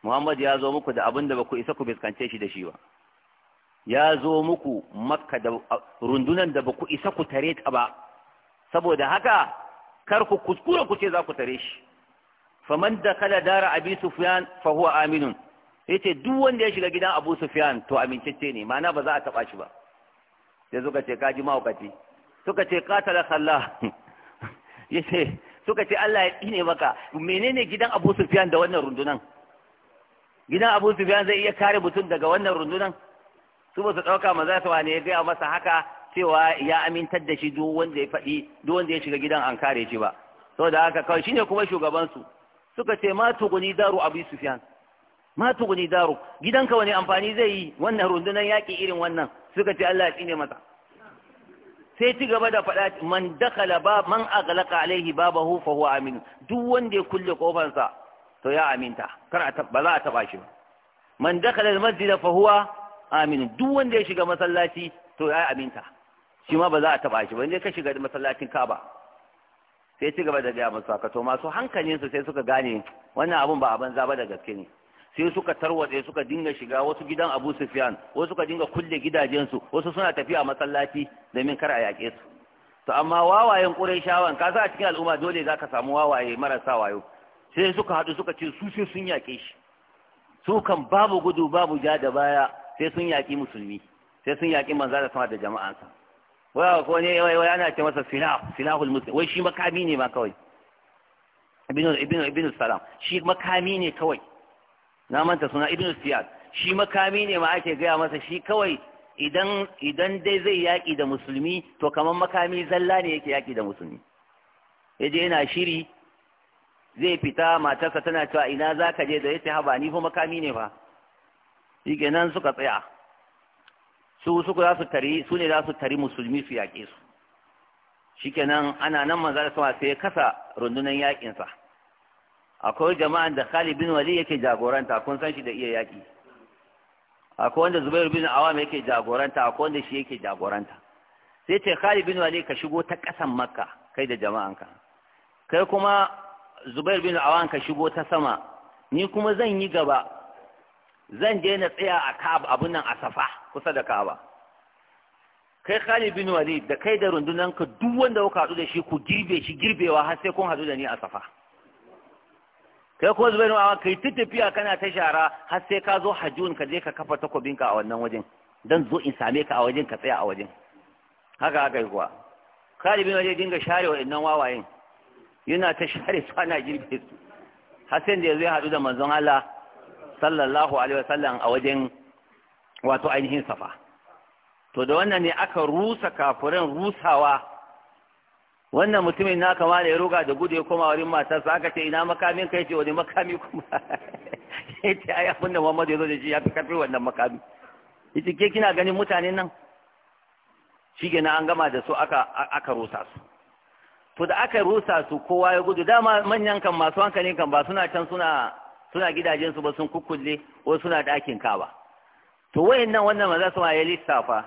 Speaker 1: muhammad ya zo muku da abin da ba ku isa ku biskance shi da shi ba ya zo muku makka da rundunan da ba ku isa ku tare ta ba saboda haka kar ku kuskura ku ce za ku tare shi faman kala dara abi sufyan fa huwa aminun yace duk wanda ya shiga gidan abu sufyan to amincacce ne ma'ana ba za a taba shi ba sai suka ce kaji mawukaci suka ce qatala khalla yace suka ce Allah ya dine maka menene gidan abu sufyan da wannan rundunan gidan abu sufyan zai iya kare mutum daga wannan rundunan su ba su dauka maza ta wane ya gaya masa haka cewa ya amintar da shi duk wanda ya faɗi duk wanda ya shiga gidan an kare shi ba saboda haka kawai shine kuma shugaban su suka ce ma tuguni daru abi sufyan ma tuguni daru gidanka wani amfani zai yi wannan rundunar yaƙi irin wannan suka ce Allah ya tsine masa sai ci gaba da faɗa man dakala ba man aghlaqa alaihi babahu fa huwa amin duk wanda ya kulle kofansa to ya aminta kar ba za a taba shi ba man dakala almasjid fa huwa amin duk wanda ya shiga masallaci to ya aminta shi ma ba za a taba shi ba indai ka shiga masallacin Ka'aba sai ci gaba da gaya masu haka to masu hankalinsu sai suka gane wannan abun ba a banza ba da gaske ne sai suka tarwatse suka dinga shiga wasu gidan Abu Sufyan wasu suka dinga kulle gidajensu wasu suna tafiya masallaci domin kar a yaƙe su to amma wawayen Qurayshawan ka sa a cikin al'umma dole za ka samu wawaye marasa wayo sai suka haɗu suka ce su sai sun yaƙe shi su kan babu gudu babu ja da baya sai sun yaƙi musulmi sai sun yaƙi manza da sama da jama'ansa wai ko ne wai ana ce masa silah filahul muslim wai shi makami ne ma kawai ibnu ibnu ibnu salam shi makami ne kawai na manta suna ibnu siyad shi makami ne ma ake gaya masa shi kawai idan idan dai zai yaƙi da musulmi to kamar makami zalla ne yake yaƙi da musulmi yaje yana shiri zai fita matarsa tana cewa ina za ka je da yace haba ni fa makami ne fa shikenan suka tsaya su suku za su tari su ne za su tari musulmi su yaƙe su kenan ana nan manzo da sama sai ya kasa rundunar yaƙin sa akwai jama'an da Khalid bin Walid yake jagoranta kun san shi da iya yaƙi akwai wanda Zubair bin Awam yake jagoranta akwai wanda shi yake jagoranta sai ce Khalid bin Walid ka shigo ta ƙasan Makka kai da jama'anka kai kuma Zubair bin Awam ka shigo ta sama ni kuma zan yi gaba zan je na tsaya a Ka'aba abun nan a Safa kusa da Ka'aba kai Khalid bin Walid da kai da rundunan ka duk wanda kuka hadu da shi ku girbe shi girbewa har sai kun hadu da ni a Safa kai ko Zubairu a kai ta tafiya kana ta shara har sai ka zo Hajjun ka je ka kafa takobin ka a wannan wajen dan zo in same ka a wajen ka tsaya a wajen haka haka kuwa Khalid bin Walid dinga share wa'annan wawayen yana ta share su ana girbe su Hassan da ya zo ya hadu da manzon Allah sallallahu alaihi wasallam a wajen wato ainihin safa to da wannan ne aka rusa kafirin rusawa wannan mutumin na ma da ya roga da gudu ya koma wurin matarsa aka ce ina makamin kai ce wani makami kuma ya ce ai abin da Muhammadu ya zo da shi ya fi karfi wannan makami yace ke kina ganin mutanen nan shi na an gama da su aka aka rusa su to da aka rusa su kowa ya gudu dama manyan kan masu hankali kan ba suna can suna suna gidajensu ba sun kukulle, wasu suna ɗakin kaba to nan wannan su ma ya lissafa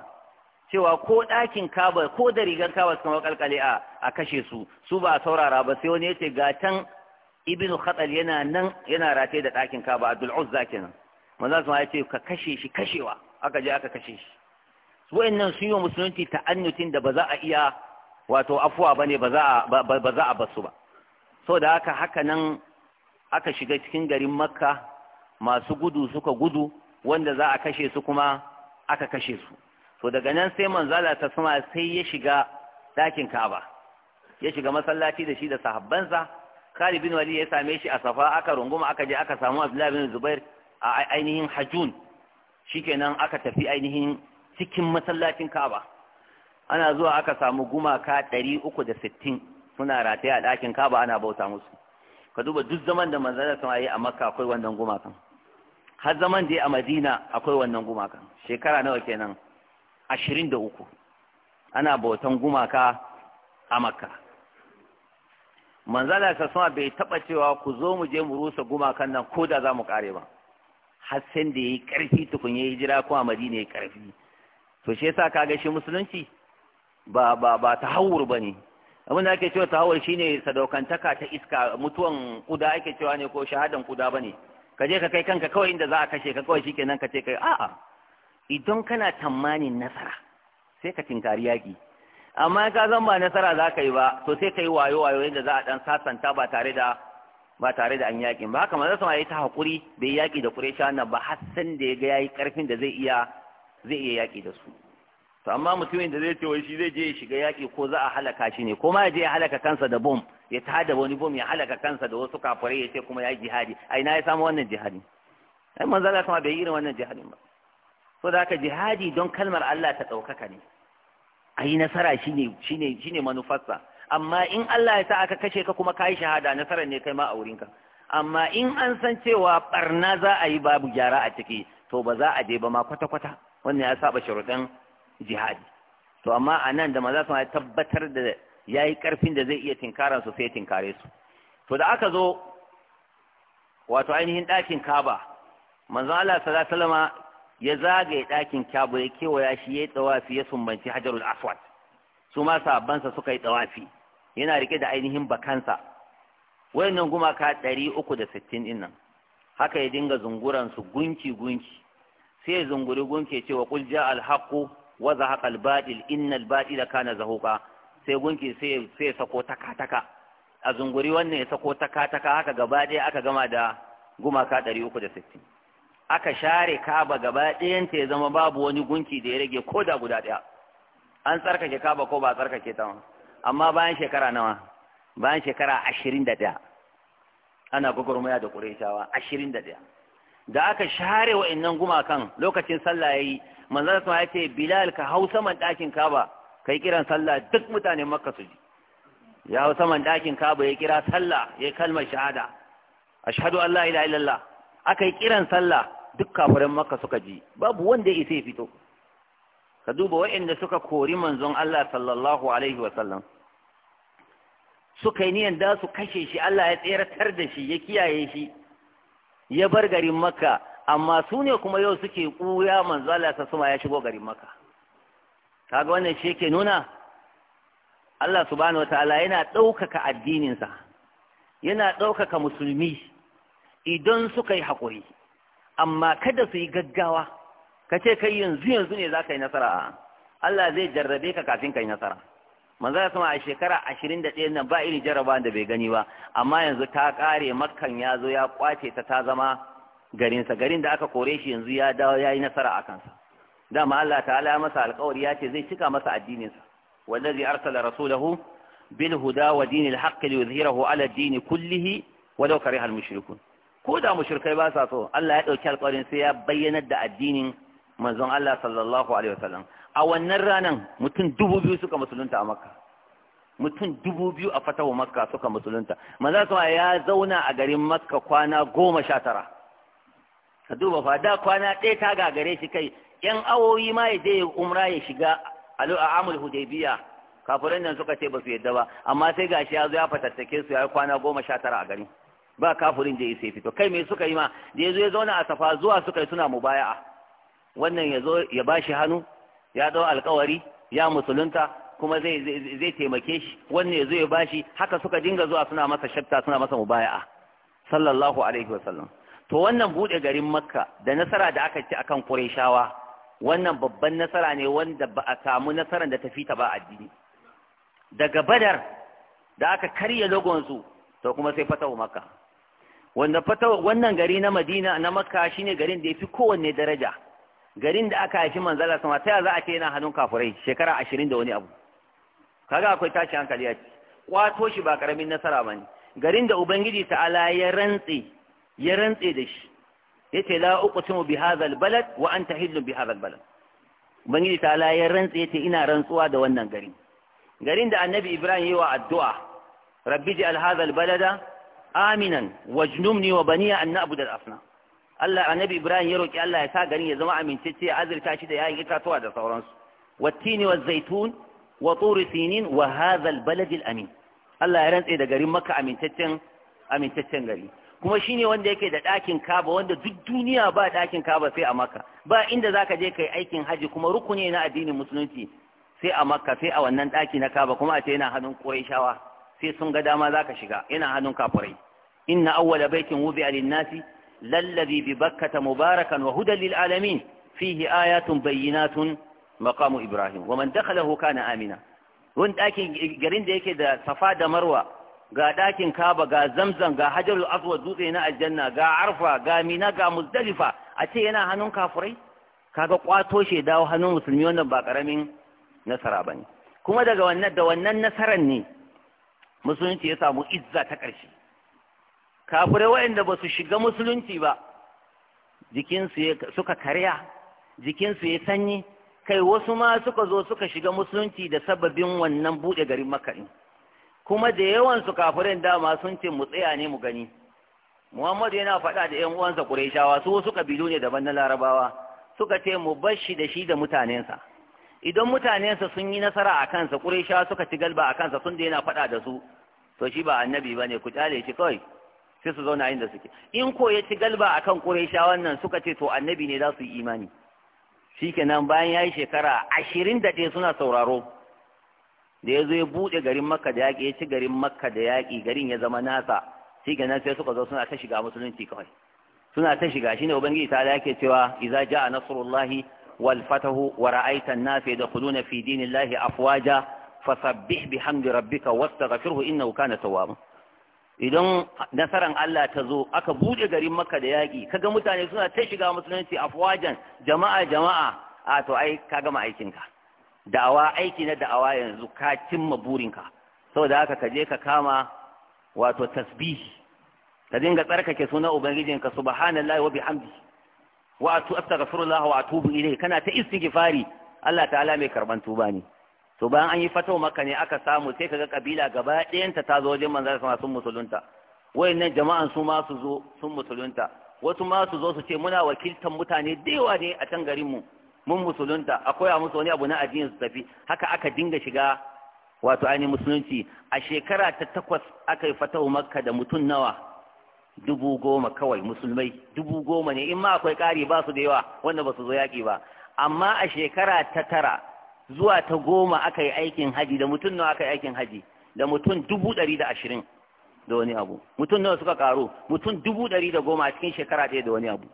Speaker 1: cewa ko ɗakin kaba ko da rigar kaba suka makalkale a a kashe su su ba saurara ba sai wani yace ga tan ibnu khatal yana nan yana rate da ɗakin kaba abdul uzza kenan maza su ya ce ka kashe shi kashewa aka je aka kashe shi nan sun yi musulunci ta'annutin da ba za a iya wato afuwa bane ba za a ba za a basu ba saboda haka haka nan aka shiga cikin garin makka masu gudu suka gudu wanda za a kashe su kuma aka kashe su to daga nan sai manzala ta sama sai ya shiga ɗakin ka'aba ya shiga masallaci da shi da sahabbansa Khalid bin Walid ya same shi a Safa aka runguma aka je aka samu Abdullah bin Zubair a ainihin Hajun shikenan aka tafi ainihin cikin masallacin Ka'aba ana zuwa aka samu gumaka ɗari uku da sittin suna rataye a ɗakin kaba, ana bauta musu ka duba duk zaman da manzala sama yi a makka akwai wannan gumakan har zaman da ya a madina akwai wannan gumakan shekara nawa kenan ashirin da uku ana bautan gumaka a makka sa sama bai taɓa cewa ku zo mu je mu rusa gumakan nan ko da za mu kare ba har sai da ya yi ƙarfi tukun ya yi jira kuma madina ya yi ƙarfi to shi yasa kaga shi musulunci ba ba ba tahawur bane abin da ake cewa shi ne sadaukantaka ta iska mutuwan kuda ake cewa ne ko shahadan kuda bane ka je ka kai kanka kawai inda za a kashe ka kawai shikenan ka ce kai a'a idan kana tamanin nasara sai ka tinkari yaki amma ka zan ba nasara za ka yi ba to sai ka yi wayo wayo yadda za a dan sasanta ba tare da an yaki ba haka manzo sama yayi ta hakuri bai yaki da Quraysh nan ba har da ya ga yayi karfin da zai iya zai iya yaki da su to amma mutumin da zai ce wai shi zai je ya shiga yaƙi ko za a halaka shi ne ko ma ya je ya halaka kansa da bom ya tada wani bom ya halaka kansa da wasu kafirai ya ce kuma ya yi jihadi ai na ya samu wannan jihadi ai manzon Allah kuma bai yi irin wannan jihadin ba so da haka jihadi don kalmar Allah ta ɗaukaka ne ai nasara shine shine shine manufarsa amma in Allah ya sa aka kashe ka kuma kai shahada nasarar ne kai ma a wurinka amma in an san cewa barna za a yi babu gyara a ciki to ba za a je ba ma kwata kwata wannan ya saba sharuɗan jihadi to amma a nan da maza suna tabbatar da ya yi ƙarfin da zai iya tinkaran su sai tinkare su to da aka zo wato ainihin ɗakin kaba manzon Allah sallallahu alaihi ya zagaye ɗakin kaba ya kewaya shi ya yi tsawafi ya sumbanci hajarul aswad su ma sabansa suka yi tsawafi yana rike da ainihin bakansa wayannan gumaka ɗari uku da sittin ɗin nan haka ya dinga zunguran su gunki gunki sai ya zunguri gunki ya ce wa ƙul ja wa za al-batil inna al ka kana zahuka sai gunki sai ya sako taka taka a zunguri wannan ya sako taka taka haka gaba ɗaya aka gama da gumaka ɗari uku da sittin, aka share kaba gaba ɗayanta ta ya zama babu wani gunki da ya rage ko da guda ɗaya an tsarkake kaba ko ba tsarkake ta amma bayan shekara nawa bayan shekara ashirin da ɗaya, ana gwagwarmaya da Qurayshawa ashirin da ɗaya, da aka share wa'annan gumakan lokacin sallah yi manzon sa ya ce bilal ka hau saman ɗakin kaba kai kiran sallah duk mutanen makka su ji ya hau saman ɗakin kaba ya kira sallah ya kalmar shahada ashhadu an la ilaha illallah akai yi kiran sallah duk kafirin makka suka ji babu wanda ya isa ya fito ka duba waɗanda suka kori manzon Allah sallallahu alaihi sallam suka yi niyan da su kashe shi Allah ya tseratar da shi ya kiyaye shi ya bar garin makka amma su ne kuma yau suke ƙuya manzo Allah ta suma ya shigo garin maka kaga wannan shi yake nuna Allah subhanahu wataala yana ɗaukaka addininsa yana ɗaukaka musulmi idan suka yi haƙuri amma kada su yi gaggawa ka ce kai yanzu yanzu ne za ka yi nasara Allah zai jarrabe ka kafin ka yi nasara manzo sama a shekara ashirin da ɗaya nan ba iri jarraba da bai gani ba amma yanzu ta kare makkan ya zo ya ƙwace ta ta zama garinsa garin da aka kore shi yanzu ya dawo ya yi nasara a kansa dama Allah ta'ala masa alkawari ya ce zai cika masa addininsa wallazi arsala rasulahu bil huda wa dinil haqqi liyuzhirahu ala dini kullihi walau kariha al mushrikun ko da mushrikai ba sa so Allah ya dauki alƙawarin sai ya bayyanar da addinin manzon Allah sallallahu alaihi wasallam a wannan ranan mutum dubu biyu suka musulunta a Makka mutum dubu biyu a fatahu Makka suka musulunta manzon ya zauna a garin Makka kwana goma sha tara ka duba fa da kwana ɗaya ta gagare shi kai ƴan awoyi ma ya je umra ya shiga a amul hudaybiya kafirin nan suka ce ba su yadda ba amma sai gashi ya zo ya fatattake su ya kwana goma sha tara a gari ba kafirin da ya sai fito kai me suka yi ma da ya zo ya zauna a safa zuwa suka yi suna mubaya'a wannan ya zo ya ba shi hannu ya dau alkawari ya musulunta kuma zai zai taimake shi wannan ya zo ya bashi haka suka dinga zuwa suna masa shafta suna masa mubaya'a sallallahu alaihi wasallam to wannan bude garin makka da nasara da aka ci akan ƙurayshawa wannan babban nasara ne wanda ba a samu nasarar da ta fita ba addini daga badar da aka karya logonsu to kuma sai fatawa makka wanda fatawa wannan gari na madina na makka shine garin da ya fi kowanne daraja garin da aka haifi manzala sama ta za a ce yana hannun kafurai shekara ashirin da wani abu kaga akwai tashi hankali ya ci kwato shi ba karamin nasara ba ne garin da ubangiji ta'ala ya rantse ya rantse da shi yace la uqsimu bi hadha albalad wa anta hillu bi hadha albalad ubangiji ta'ala ya rantse ce ina rantsuwa da wannan gari garin da annabi ibrahim yi wa addu'a rabbi ji alhazal albalada aminan wajnumni wa baniya an na'budu al-asnam Allah annabi ibrahim ya roki Allah ya sa garin ya zama amintacce ya azurta shi da yayin itatuwa da sauransu tini wa zaitun wa turi sinin wa hadha albalad amin. Allah ya rantse da garin makka amintaccen amintaccen gari kuma shine wanda yake da ɗakin kaba wanda duk duniya ba ɗakin kaba sai a maka. ba inda zaka je kai aikin haji kuma rukuni na addinin musulunci sai a maka. sai a wannan ɗaki na kaba kuma a ce yana hannun shawa. sai sun ga dama zaka shiga yana hannun kafirai inna awwala baitin wubi lin-nasi lallabi bi bakkata mubarakan wa hudan lil alamin fihi ayatun bayyinatun maqamu ibrahim wa man dakhalahu kana amina wani ɗakin garin da yake da safa da marwa ga dakin kaba ga zamzam ga hajarul aswa dutse na aljanna ga arfa ga mina ga muzdalifa a ce yana hannun kafurai kaga kwato shi dawo hannun musulmi wannan ba karamin nasara bane kuma daga wannan da wannan nasaran ne musulunci ya samu izza ta karshe kafirai waɗanda ba su shiga musulunci ba jikinsu suka karya jikinsu ya sanyi kai wasu ma suka zo suka shiga musulunci da sababin wannan buɗe garin makarin kuma da yawansu kafirin dama sun ce mu tsaya ne mu gani Muhammadu yana faɗa da ‘yan uwansa Qurayshawa su wasu kabilu ne daban na Larabawa suka ce mu bar shi da shi da mutanensa idan mutanensa sun yi nasara a kansa Qurayshawa suka ci galba a kansa sun da yana faɗa da su to shi ba annabi bane ku tsale shi kawai sai su zauna inda suke in ko ya ci galba kan Qurayshawan nan suka ce to annabi ne za su yi imani shikenan bayan yayi shekara ashirin da ɗaya suna sauraro da ya zo ya buɗe garin makka da yaƙi ya ci garin makka da yaƙi garin ya zama nasa shi kenan sai suka zo suna ta shiga musulunci kawai suna ta shiga shine ubangiji ta yake cewa idza jaa nasrullahi wal fatahu wa ra'aita an-nas yadkhuluna fi dinillahi afwaja fasabbih bihamdi rabbika wastaghfirhu innahu kana tawwaba idan nasaran Allah ta zo aka bude garin Makka da yaki kaga mutane suna ta shiga musulunci afwajan jama'a jama'a a to ai ka gama aikinka da'awa aiki na da'awa yanzu ka cimma burinka saboda haka ka je ka kama wato tasbih ka dinga tsarkake sunan ubangijinka subhanallahi wa bihamdi wa astaghfirullah wa atubu ilayhi kana ta istighfari Allah ta'ala mai karban tuba ne to bayan an yi fatawa maka ne aka samu sai kaga kabila gaba ɗayanta ta zo wajen manzon sama sun musulunta wayannan jama'an su ma su zo sun musulunta wasu ma su zo su ce muna wakiltar mutane da yawa ne a can garinmu mun musulunta a koya musu wani abu na addini su tafi haka aka dinga shiga wato ainihin musulunci a shekara ta takwas aka yi fatahu makka da mutum nawa dubu goma kawai musulmai dubu goma ne in ma akwai ƙari ba su da yawa wanda ba su zo yaƙi ba amma a shekara ta tara zuwa ta goma aka yi aikin haji da mutum nawa aka yi aikin haji da mutum dubu ɗari da ashirin da wani abu mutum nawa suka ƙaru mutum dubu ɗari da goma a cikin shekara ɗaya da wani abu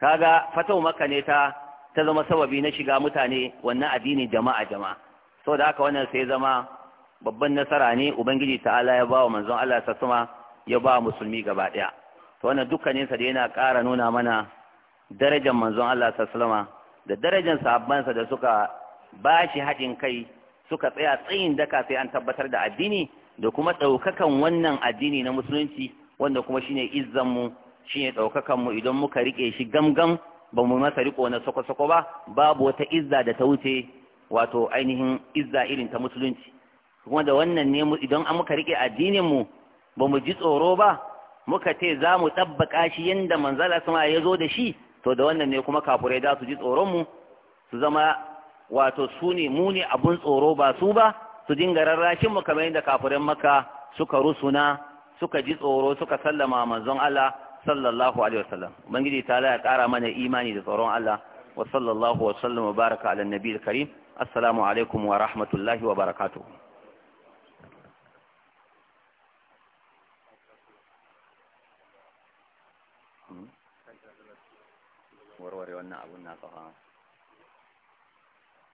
Speaker 1: kaga fatahu makka ne ta ta zama sababi na shiga mutane wannan addini jama'a jama'a saboda haka wannan sai zama babban nasara ne ubangiji ta'ala ya ba wa manzon Allah suma ya ba musulmi gaba daya to wannan dukkanin sa da yana ƙara nuna mana darajar manzon Allah sassuma da darajar sabansa da suka ba shi haɗin kai suka tsaya tsayin daka sai an tabbatar da addini da kuma ɗaukakan wannan addini na musulunci wanda kuma shine izzanmu shine ɗaukakanmu idan muka rike shi gamgam ba mu masa riko na sako-sako ba babu wata izza da ta wuce wato ainihin izza irin ta musulunci kuma da wannan ne idan an muka rike addinin mu ba mu ji tsoro ba muka ce za mu tabbaka shi yanda manzala sama ya zo da shi to da wannan ne kuma kafurai za su ji tsoron mu su zama wato su ne mu ne abun tsoro ba su ba su dinga rarrashin mu kamar yadda kafuran maka suka rusuna suka ji tsoro suka sallama manzon Allah sallallahu alaihi wasallam ubangiji ta ya kara mana imani da tsoron Allah wa sallallahu wa sallam wa baraka ala nabiyil karim assalamu alaikum wa rahmatullahi wa barakatuh warware wannan abun na kafa